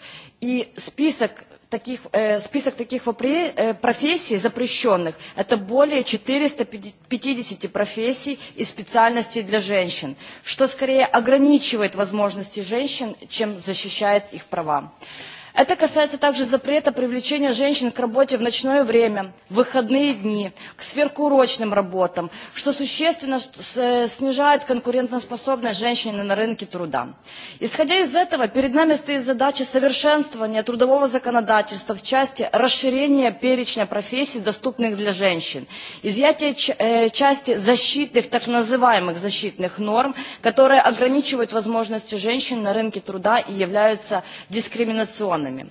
И список таких, э, список таких вопре, э, профессий запрещенных – это более 450 профессий и специальностей для женщин, что скорее ограничивает возможности женщин, чем защищает их права. Э, Это касается также запрета привлечения женщин к работе в ночное время, в выходные дни, к сверхурочным работам, что существенно снижает конкурентоспособность женщины на рынке труда. Исходя из этого, перед нами стоит задача совершенствования трудового законодательства в части расширения перечня профессий, доступных для женщин, изъятие э, части защитных, так называемых защитных норм, которые ограничивают возможности женщин на рынке труда и являются дискриминационными странами.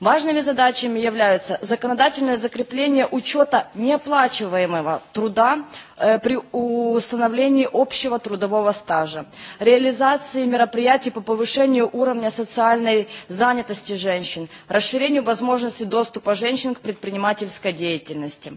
Важными задачами являются законодательное закрепление учета неоплачиваемого труда э, при установлении общего трудового стажа, реализации мероприятий по повышению уровня социальной занятости женщин, расширению возможностей доступа женщин к предпринимательской деятельности.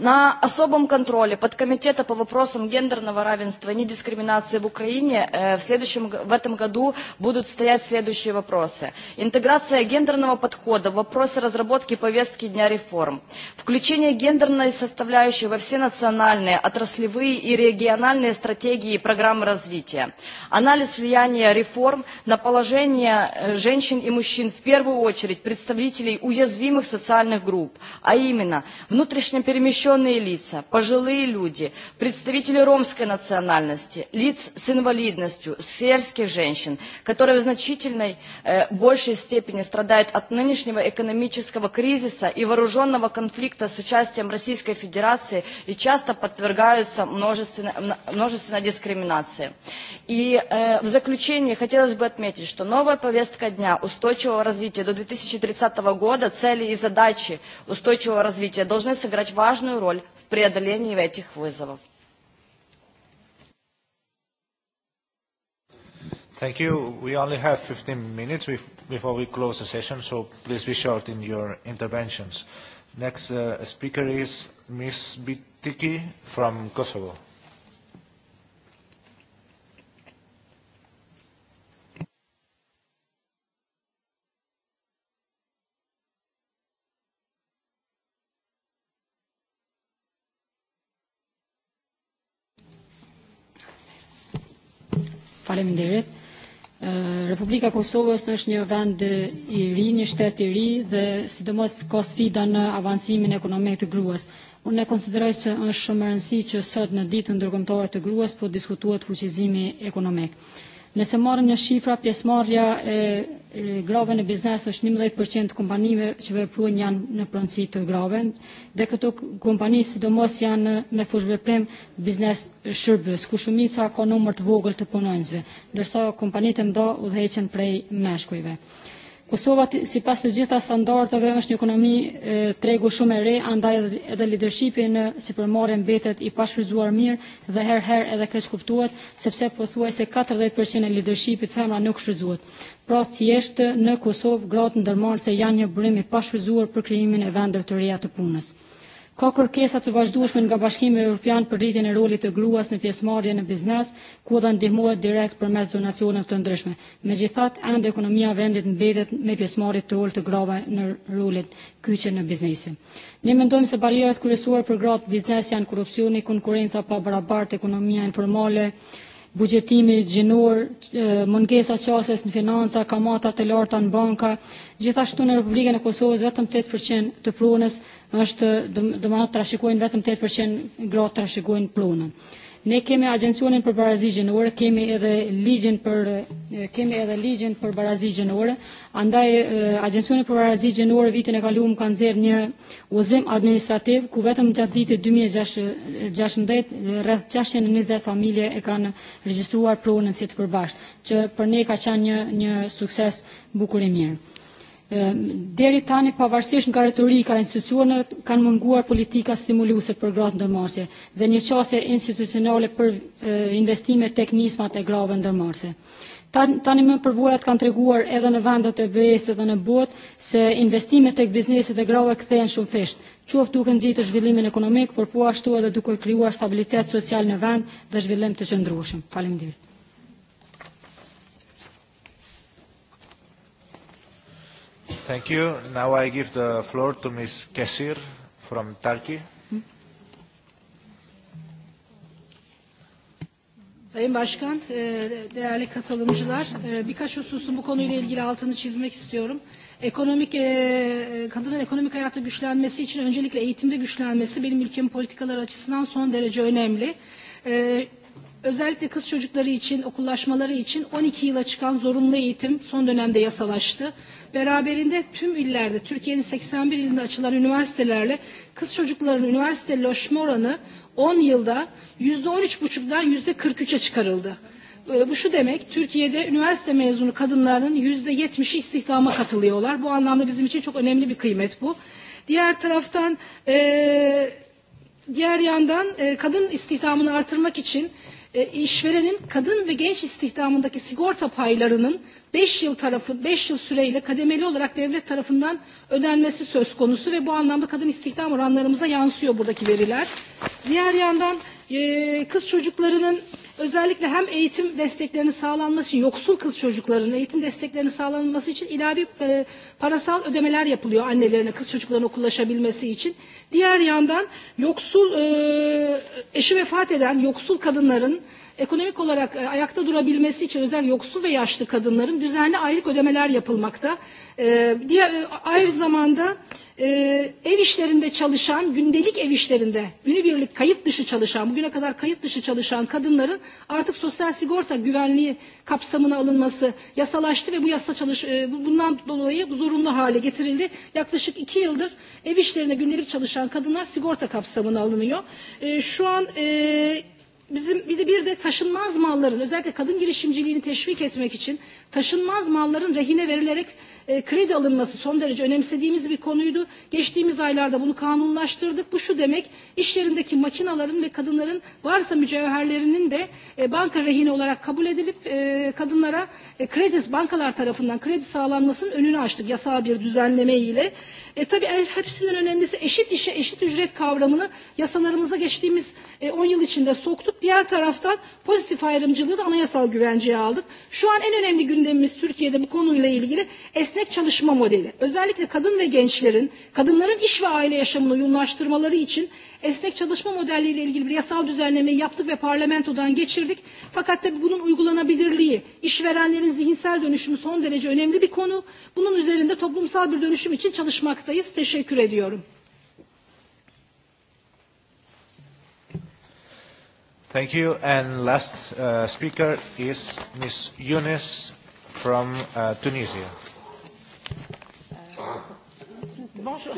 На особом контроле подкомитета по вопросам гендерного равенства и недискриминации в Украине э, в, следующем, в этом году будут стоять следующие вопросы. Интеграция гендерного подхода в вопросе разработки повестки дня реформ. Включение гендерной составляющей во все национальные, отраслевые и региональные стратегии и программы развития. Анализ влияния реформ на положение э, женщин и мужчин в первую очередь представителей уязвимых социальных групп, а именно внутренне перемещенных вовлеченные лица, пожилые люди, представители ромской национальности, лиц с инвалидностью, сельских женщин, которые в значительной э, большей степени страдают от нынешнего экономического кризиса и вооруженного конфликта с участием Российской Федерации и часто подвергаются множественной, множественной дискриминации. И э, в заключение хотелось бы отметить, что новая повестка дня устойчивого развития до 2030 года, цели и задачи устойчивого развития должны сыграть важную важную роль в преодолении этих вызовов. Thank you. We only have 15 minutes before we close the session, so please be short in your interventions. Next uh, speaker is Ms. Bitiki from Kosovo. Faleminderit. Uh, Republika e Kosovës është një vend i ri, një shtet i ri dhe sidomos ka sfida në avancimin ekonomik të gruas. Unë e konsideroj se është shumë e rëndësi që sot në ditën ndërkombëtare të gruas po diskutohet fuqizimi ekonomik. Ne se marrë në shifra, pjesmarja e, e grave në biznes është 11% kompanive që vepruen janë në pronësi të grave, dhe këto kompani sidomos janë me fushveprim biznes shërbës, ku shumica ka numër të vogël të punojnësve, dërsa kompanitë e mdo udheqen prej meshkujve. Kosova, si pas të gjitha standarteve, është një ekonomi e, tregu shumë e re, andaj edhe leadershipi në e, si përmare mbetet i pashfrizuar mirë dhe her her edhe kesh kuptuat, sepse përthuaj se 40% e leadershipit femra nuk shfrizuat. Pra thjeshtë në Kosovë gratë ndërmarë se janë një bërim i pashfrizuar për kryimin e vendër të reja të punës ka kërkesa të vazhdueshme nga Bashkimi Evropian për rritjen e rolit të gruas në pjesëmarrje në biznes, ku edhe ndihmohet direkt përmes donacioneve të ndryshme. Megjithatë, ende ekonomia e vendit mbetet me pjesëmarrje të ulët të grave në rolet kyçe në biznese. Ne mendojmë se barierat kryesore për gratë biznes janë korrupsioni, konkurenca pa barabartë, ekonomia informale, bugjetimi e gjinor, e, mungesa qasjes në financa, kamata të e larta në banka. Gjithashtu në Republikën e Kosovës vetëm 8% të prunës është, do të thotë, trashëgojnë vetëm 8% gratë trashëgojnë prunën. Ne kemi Agjencionin për Barazi Gjenore, e kemi edhe ligjin për e, kemi edhe ligjin për Barazi Gjenore. E Andaj Agjencioni për Barazi Gjenore vitin e kaluar ka nxjerr një uzim administrativ ku vetëm gjatë vitit 2016 rreth 620 familje e kanë regjistruar pronën si të përbashkët, që për ne ka qenë një një sukses bukur i mirë. E, deri tani pavarësisht nga retorika e institucionet kanë munguar politika stimuluse për gratë ndërmarse dhe një qase institucionale për e, investime tek nismat e grave ndërmarse. Tani më përvojat kanë treguar edhe në vendet e BE-s dhe në botë se investimet tek bizneset e grave kthehen shumë fesht, qoftë duke nxitur zhvillimin ekonomik, por po ashtu edhe duke krijuar stabilitet social në vend dhe zhvillim të qëndrueshëm. Faleminderit. Thank you. Now I give the floor to Ms. Kesir from Turkey. Sayın Başkan, e, değerli katılımcılar, e, birkaç hususun bu konuyla ilgili altını çizmek istiyorum. Ekonomik, e, kadının ekonomik hayatta güçlenmesi için öncelikle eğitimde güçlenmesi benim ülkemin politikalar açısından son derece önemli. Özellikle kız çocukları için, okullaşmaları için 12 yıla çıkan zorunlu eğitim son dönemde yasalaştı. Beraberinde tüm illerde, Türkiye'nin 81 ilinde açılan üniversitelerle kız çocukların üniversiteleşme oranı 10 yılda %13,5'dan %43'e çıkarıldı. Bu şu demek, Türkiye'de üniversite mezunu kadınların %70'i istihdama katılıyorlar. Bu anlamda bizim için çok önemli bir kıymet bu. Diğer taraftan, e, diğer yandan e, kadın istihdamını artırmak için e, işverenin kadın ve genç istihdamındaki sigorta paylarının 5 yıl tarafı 5 yıl süreyle kademeli olarak devlet tarafından ödenmesi söz konusu ve bu anlamda kadın istihdam oranlarımıza yansıyor buradaki veriler. Diğer yandan e, kız çocuklarının özellikle hem eğitim desteklerinin sağlanması için yoksul kız çocuklarının eğitim desteklerinin sağlanması için ilave e, parasal ödemeler yapılıyor annelerine kız çocuklarının okullaşabilmesi için. Diğer yandan yoksul e, eşi vefat eden yoksul kadınların ekonomik olarak e, ayakta durabilmesi için özel yoksul ve yaşlı kadınların düzenli aylık ödemeler yapılmakta. E, diğer, e, aynı zamanda e, ev işlerinde çalışan, gündelik ev işlerinde, günübirlik kayıt dışı çalışan, bugüne kadar kayıt dışı çalışan kadınların artık sosyal sigorta güvenliği kapsamına alınması yasalaştı ve bu yasa çalış, e, bundan dolayı zorunlu hale getirildi. Yaklaşık iki yıldır ev işlerine gündelik çalışan kadınlar sigorta kapsamına alınıyor. E, şu an e, bizim bir de bir de taşınmaz malların özellikle kadın girişimciliğini teşvik etmek için Taşınmaz malların rehine verilerek e, kredi alınması son derece önemsediğimiz bir konuydu. Geçtiğimiz aylarda bunu kanunlaştırdık. Bu şu demek iş yerindeki makinaların ve kadınların varsa mücevherlerinin de e, banka rehine olarak kabul edilip e, kadınlara e, kredi bankalar tarafından kredi sağlanmasının önünü açtık yasal bir düzenleme ile. E, tabii hepsinden önemlisi eşit işe eşit ücret kavramını yasalarımıza geçtiğimiz 10 e, yıl içinde soktuk. Diğer taraftan pozitif ayrımcılığı da anayasal güvenceye aldık. Şu an en önemli gün gündemimiz Türkiye'de bu konuyla ilgili esnek çalışma modeli. Özellikle kadın ve gençlerin, kadınların iş ve aile yaşamını yoğunlaştırmaları için esnek çalışma modeliyle ilgili bir yasal düzenlemeyi yaptık ve parlamentodan geçirdik. Fakat tabii bunun uygulanabilirliği, işverenlerin zihinsel dönüşümü son derece önemli bir konu. Bunun üzerinde toplumsal bir dönüşüm için çalışmaktayız. Teşekkür ediyorum. Thank you. And last uh, speaker is Ms. Yunus from uh, Tunisia. Bonjour,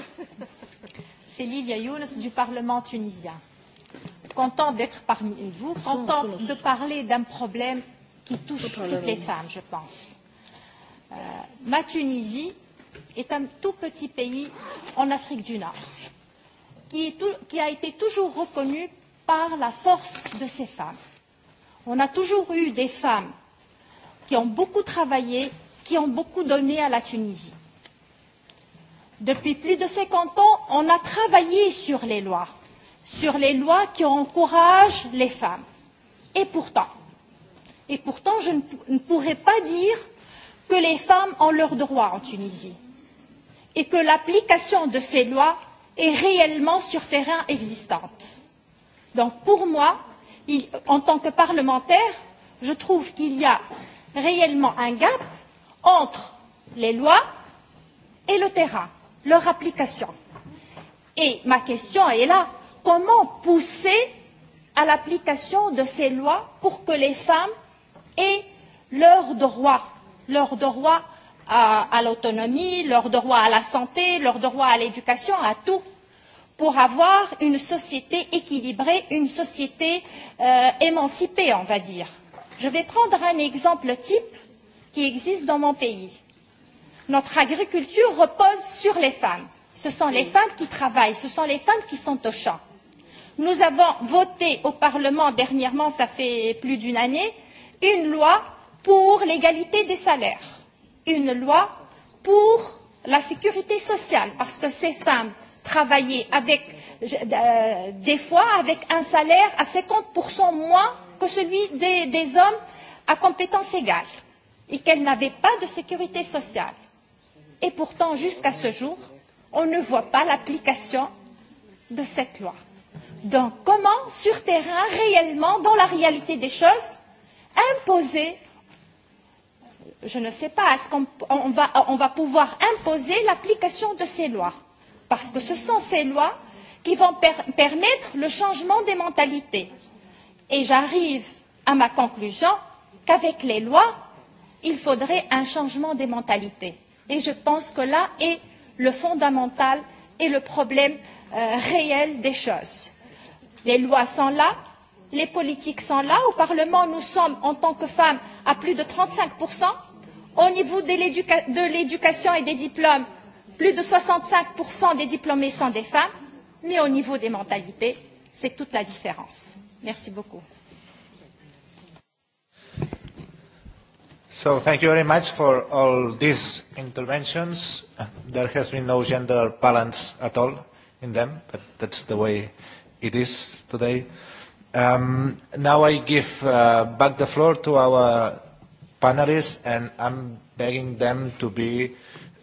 c'est Lilia Younes du Parlement tunisien. Content d'être parmi vous, content de parler d'un problème qui touche toutes les femmes, je pense. Euh, ma Tunisie est un tout petit pays en Afrique du Nord qui, est tout, qui a été toujours reconnu par la force de ses femmes. On a toujours eu des femmes qui ont beaucoup travaillé, qui ont beaucoup donné à la Tunisie. Depuis plus de 50 ans, on a travaillé sur les lois, sur les lois qui encouragent les femmes. Et pourtant, et pourtant je ne pourrais pas dire que les femmes ont leurs droits en Tunisie et que l'application de ces lois est réellement sur terrain existante. Donc pour moi, il, en tant que parlementaire, je trouve qu'il y a réellement un gap entre les lois et le terrain, leur application. Et ma question est là, comment pousser à l'application de ces lois pour que les femmes aient leurs droits, leurs droits à, à l'autonomie, leurs droits à la santé, leurs droits à l'éducation, à tout, pour avoir une société équilibrée, une société euh, émancipée, on va dire. Je vais prendre un exemple type qui existe dans mon pays. Notre agriculture repose sur les femmes. Ce sont les femmes qui travaillent, ce sont les femmes qui sont au champ. Nous avons voté au Parlement dernièrement, ça fait plus d'une année, une loi pour l'égalité des salaires, une loi pour la sécurité sociale, parce que ces femmes travaillaient avec, euh, des fois avec un salaire à 50% moins que celui des, des hommes à compétences égales et qu'elles n'avaient pas de sécurité sociale. Et pourtant, jusqu'à ce jour, on ne voit pas l'application de cette loi. Donc, comment, sur terrain, réellement, dans la réalité des choses, imposer je ne sais pas, est-ce qu'on on va, on va pouvoir imposer l'application de ces lois Parce que ce sont ces lois qui vont per permettre le changement des mentalités et j'arrive à ma conclusion qu'avec les lois, il faudrait un changement des mentalités. Et je pense que là est le fondamental et le problème euh, réel des choses. Les lois sont là, les politiques sont là. Au Parlement, nous sommes, en tant que femmes, à plus de 35%. Au niveau de l'éducation et des diplômes, plus de 65% des diplômés sont des femmes. Mais au niveau des mentalités, c'est toute la différence. Merci beaucoup. So thank you very much for all these interventions. There has been no gender balance at all in them, but that's the way it is today. Um, now I give uh, back the floor to our panelists, and I'm begging them to be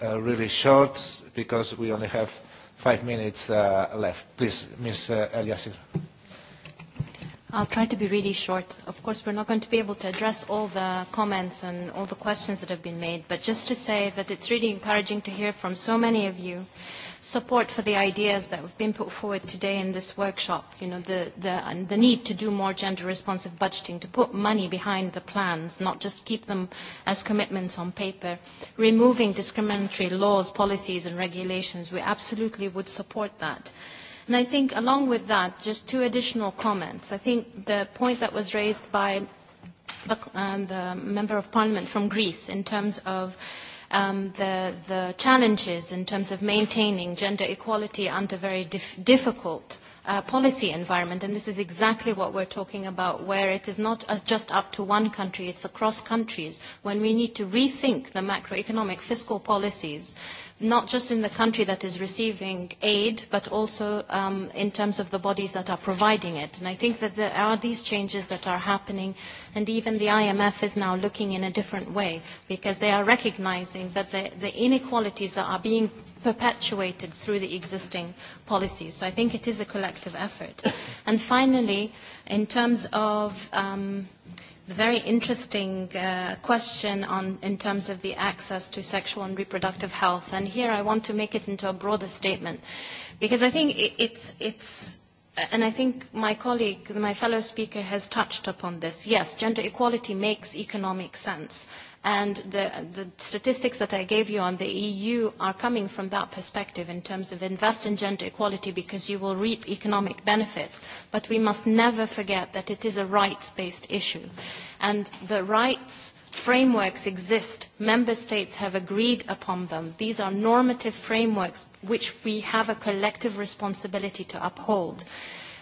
uh, really short because we only have five minutes uh, left. Please, Ms. Uh, Eliasir. Uh, I'll try to be really short. Of course, we're not going to be able to address all the comments and all the questions that have been made, but just to say that it's really encouraging to hear from so many of you support for the ideas that have been put forward today in this workshop, you know, the, the, the need to do more gender-responsive budgeting, to put money behind the plans, not just keep them as commitments on paper, removing discriminatory laws, policies, and regulations. We absolutely would support that. Uh, And I think along with that, just two additional comments. I think the point that was raised by the, um, the Member of Parliament from Greece in terms of um, the, the challenges in terms of maintaining gender equality under very dif- difficult uh, policy environment. And this is exactly what we're talking about, where it is not uh, just up to one country, it's across countries, when we need to rethink the macroeconomic fiscal policies uh, not just in the country that is receiving aid, but also um, in terms of the bodies that are providing it. And I think that there are these changes that are happening, and even the IMF is now looking in a different way because they are recognizing that the, the inequalities that are being perpetuated through the existing policies. So I think it is a collective effort. And finally, in terms of um, – the very interesting uh, question on, in terms of the access to sexual and reproductive health. And here I want to make it into a broader statement because I think it, it's, it's and I think my colleague, my fellow speaker has touched upon this. Yes, gender equality makes economic sense And the, the statistics that I gave you on the EU are coming from that perspective in terms of invest in gender equality because you will reap economic benefits. But we must never forget that it is a rights-based issue. And the rights frameworks exist. Member states have agreed upon them. These are normative frameworks which we have a collective responsibility to uphold. Mm-hmm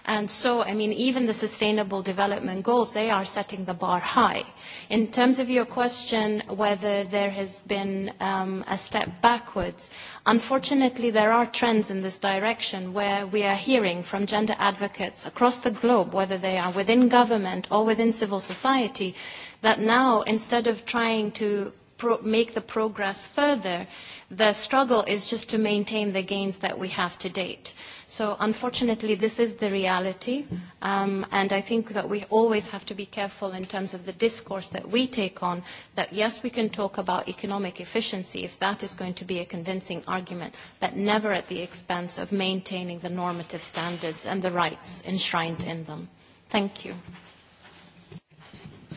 And so, I mean, even the sustainable development goals, they are setting the bar high. In terms of your question whether there has been um, a step backwards, unfortunately, there are trends in this direction where we are hearing from gender advocates across the globe, whether they are within government or within civil society, that now instead of trying to pro- make the progress further, the struggle is just to maintain the gains that we have to date. So unfortunately, this is the reality, um, and I think that we always have to be careful in terms of the discourse that we take on, that yes, we can talk about economic efficiency if that is going to be a convincing argument, but never at the expense of maintaining the normative standards and the rights enshrined in them. Thank you.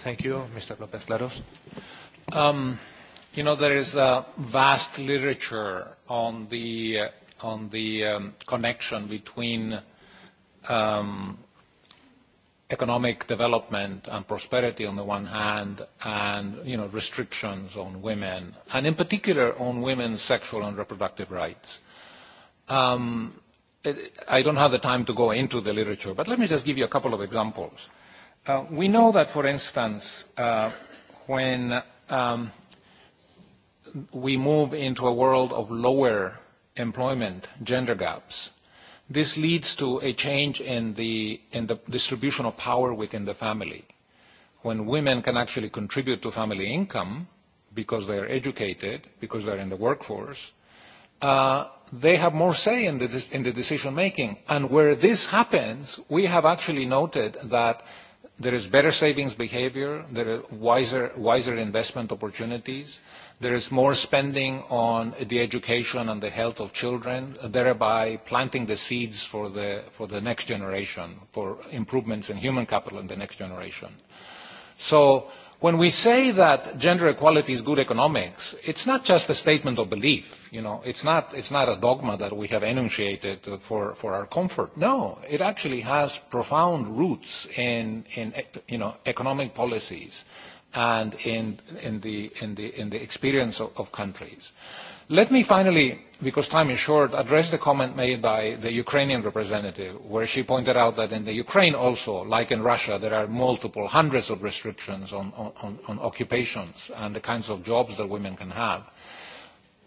Thank you, Mr. López Claros. Um, you know, there is a vast literature on the, uh, on the um, connection between um, economic development and prosperity on the one hand and, you know, restrictions on women, and in particular on women's sexual and reproductive rights. Um, it, I don't have the time to go into the literature, but let me just give you a couple of examples. Uh, we know that, for instance, uh, when um, we move into a world of lower employment gender gaps. This leads to a change in the, in the distribution of power within the family. When women can actually contribute to family income because they are educated, because they're in the workforce, uh, they have more say in the, in the decision making. And where this happens, we have actually noted that There is better savings behavior. There are wiser, wiser investment opportunities. There is more spending on the education and the health of children, thereby planting the seeds for the, for the next generation, for improvements in human capital in the next generation. So When we say that gender equality is good economics, it's not just a statement of belief. You know, it's not, it's not a dogma that we have enunciated for, for our comfort. No, it actually has profound roots in, in you know, economic policies and in, in, the, in, the, in the experience of, of countries. Uh, Let me finally, because time is short, address the comment made by the Ukrainian representative, where she pointed out that in the Ukraine also, like in Russia, there are multiple hundreds of restrictions on, on, on occupations and the kinds of jobs that women can have.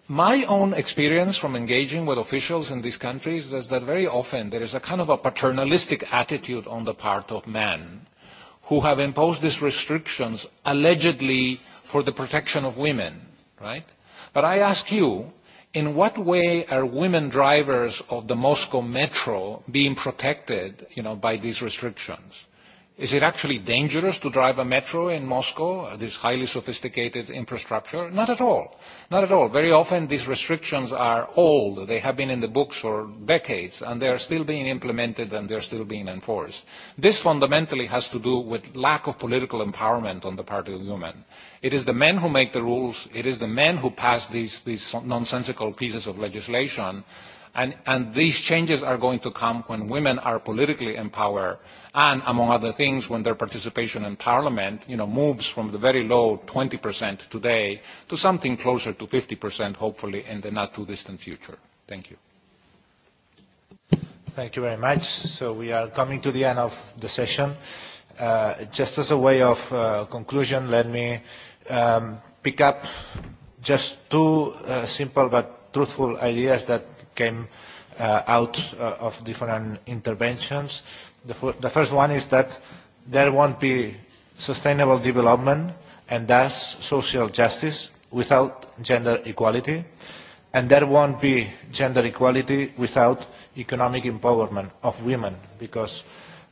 My own experience from engaging with officials in these countries is that very often there is a kind of a paternalistic attitude on the part of men who have imposed these restrictions allegedly for the protection of women, right? But I ask you, in what way are women drivers of the Moscow metro being protected, you know, by these restrictions? Is it actually dangerous to drive a metro in Moscow, this highly sophisticated infrastructure? Not at all. Not at all. Very often these restrictions are old. They have been in the books for decades, and they are still being implemented and they're still being enforced. This fundamentally has to do with lack of political empowerment on the part of women. It is the men who make the rules. It is the men who pass these, these nonsensical pieces of legislation And, and these changes are going to come when women are politically empowered and, among other things, when their participation in parliament you know, moves from the very low 20% today to something closer to 50%, hopefully, in the not-too-distant future. Thank you. Thank you very much. So we are coming to the end of the session. Uh, just as a way of uh, conclusion, let me um, pick up just two uh, simple but truthful ideas that came uh, out uh, of different interventions. The, f the first one is that there won't be sustainable development and thus social justice without gender equality, and there won't be gender equality without economic empowerment of women, because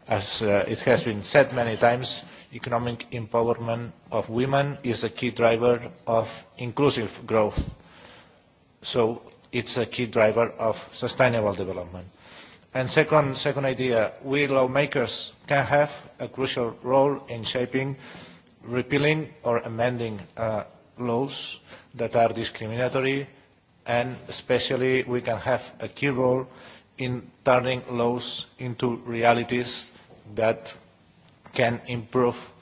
as uh, it has been said many times, economic empowerment of women is a key driver of inclusive growth. So it's a key driver of sustainable development. And second, second idea, we lawmakers can have a crucial role in shaping, repealing or amending uh, laws that are discriminatory, and especially we can have a key role in turning laws into realities that can improve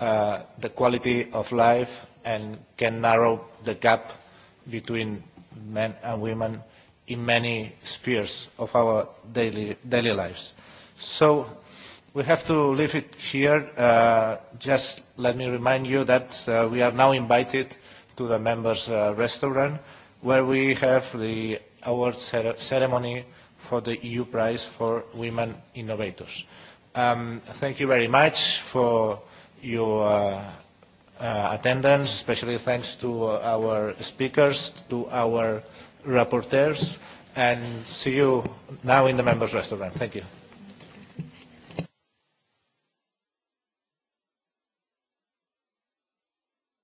uh, the quality of life and can narrow the gap between men and women in many spheres of our daily, daily lives. So we have to leave it here. Uh, just let me remind you that uh, we are now invited to the members' uh, restaurant where we have the award cere ceremony for the EU Prize for Women Innovators. Um, thank you very much for your uh, uh, attendance, especially thanks to our speakers, to our rapporteurs, and see you now in the members' restaurant. Thank you.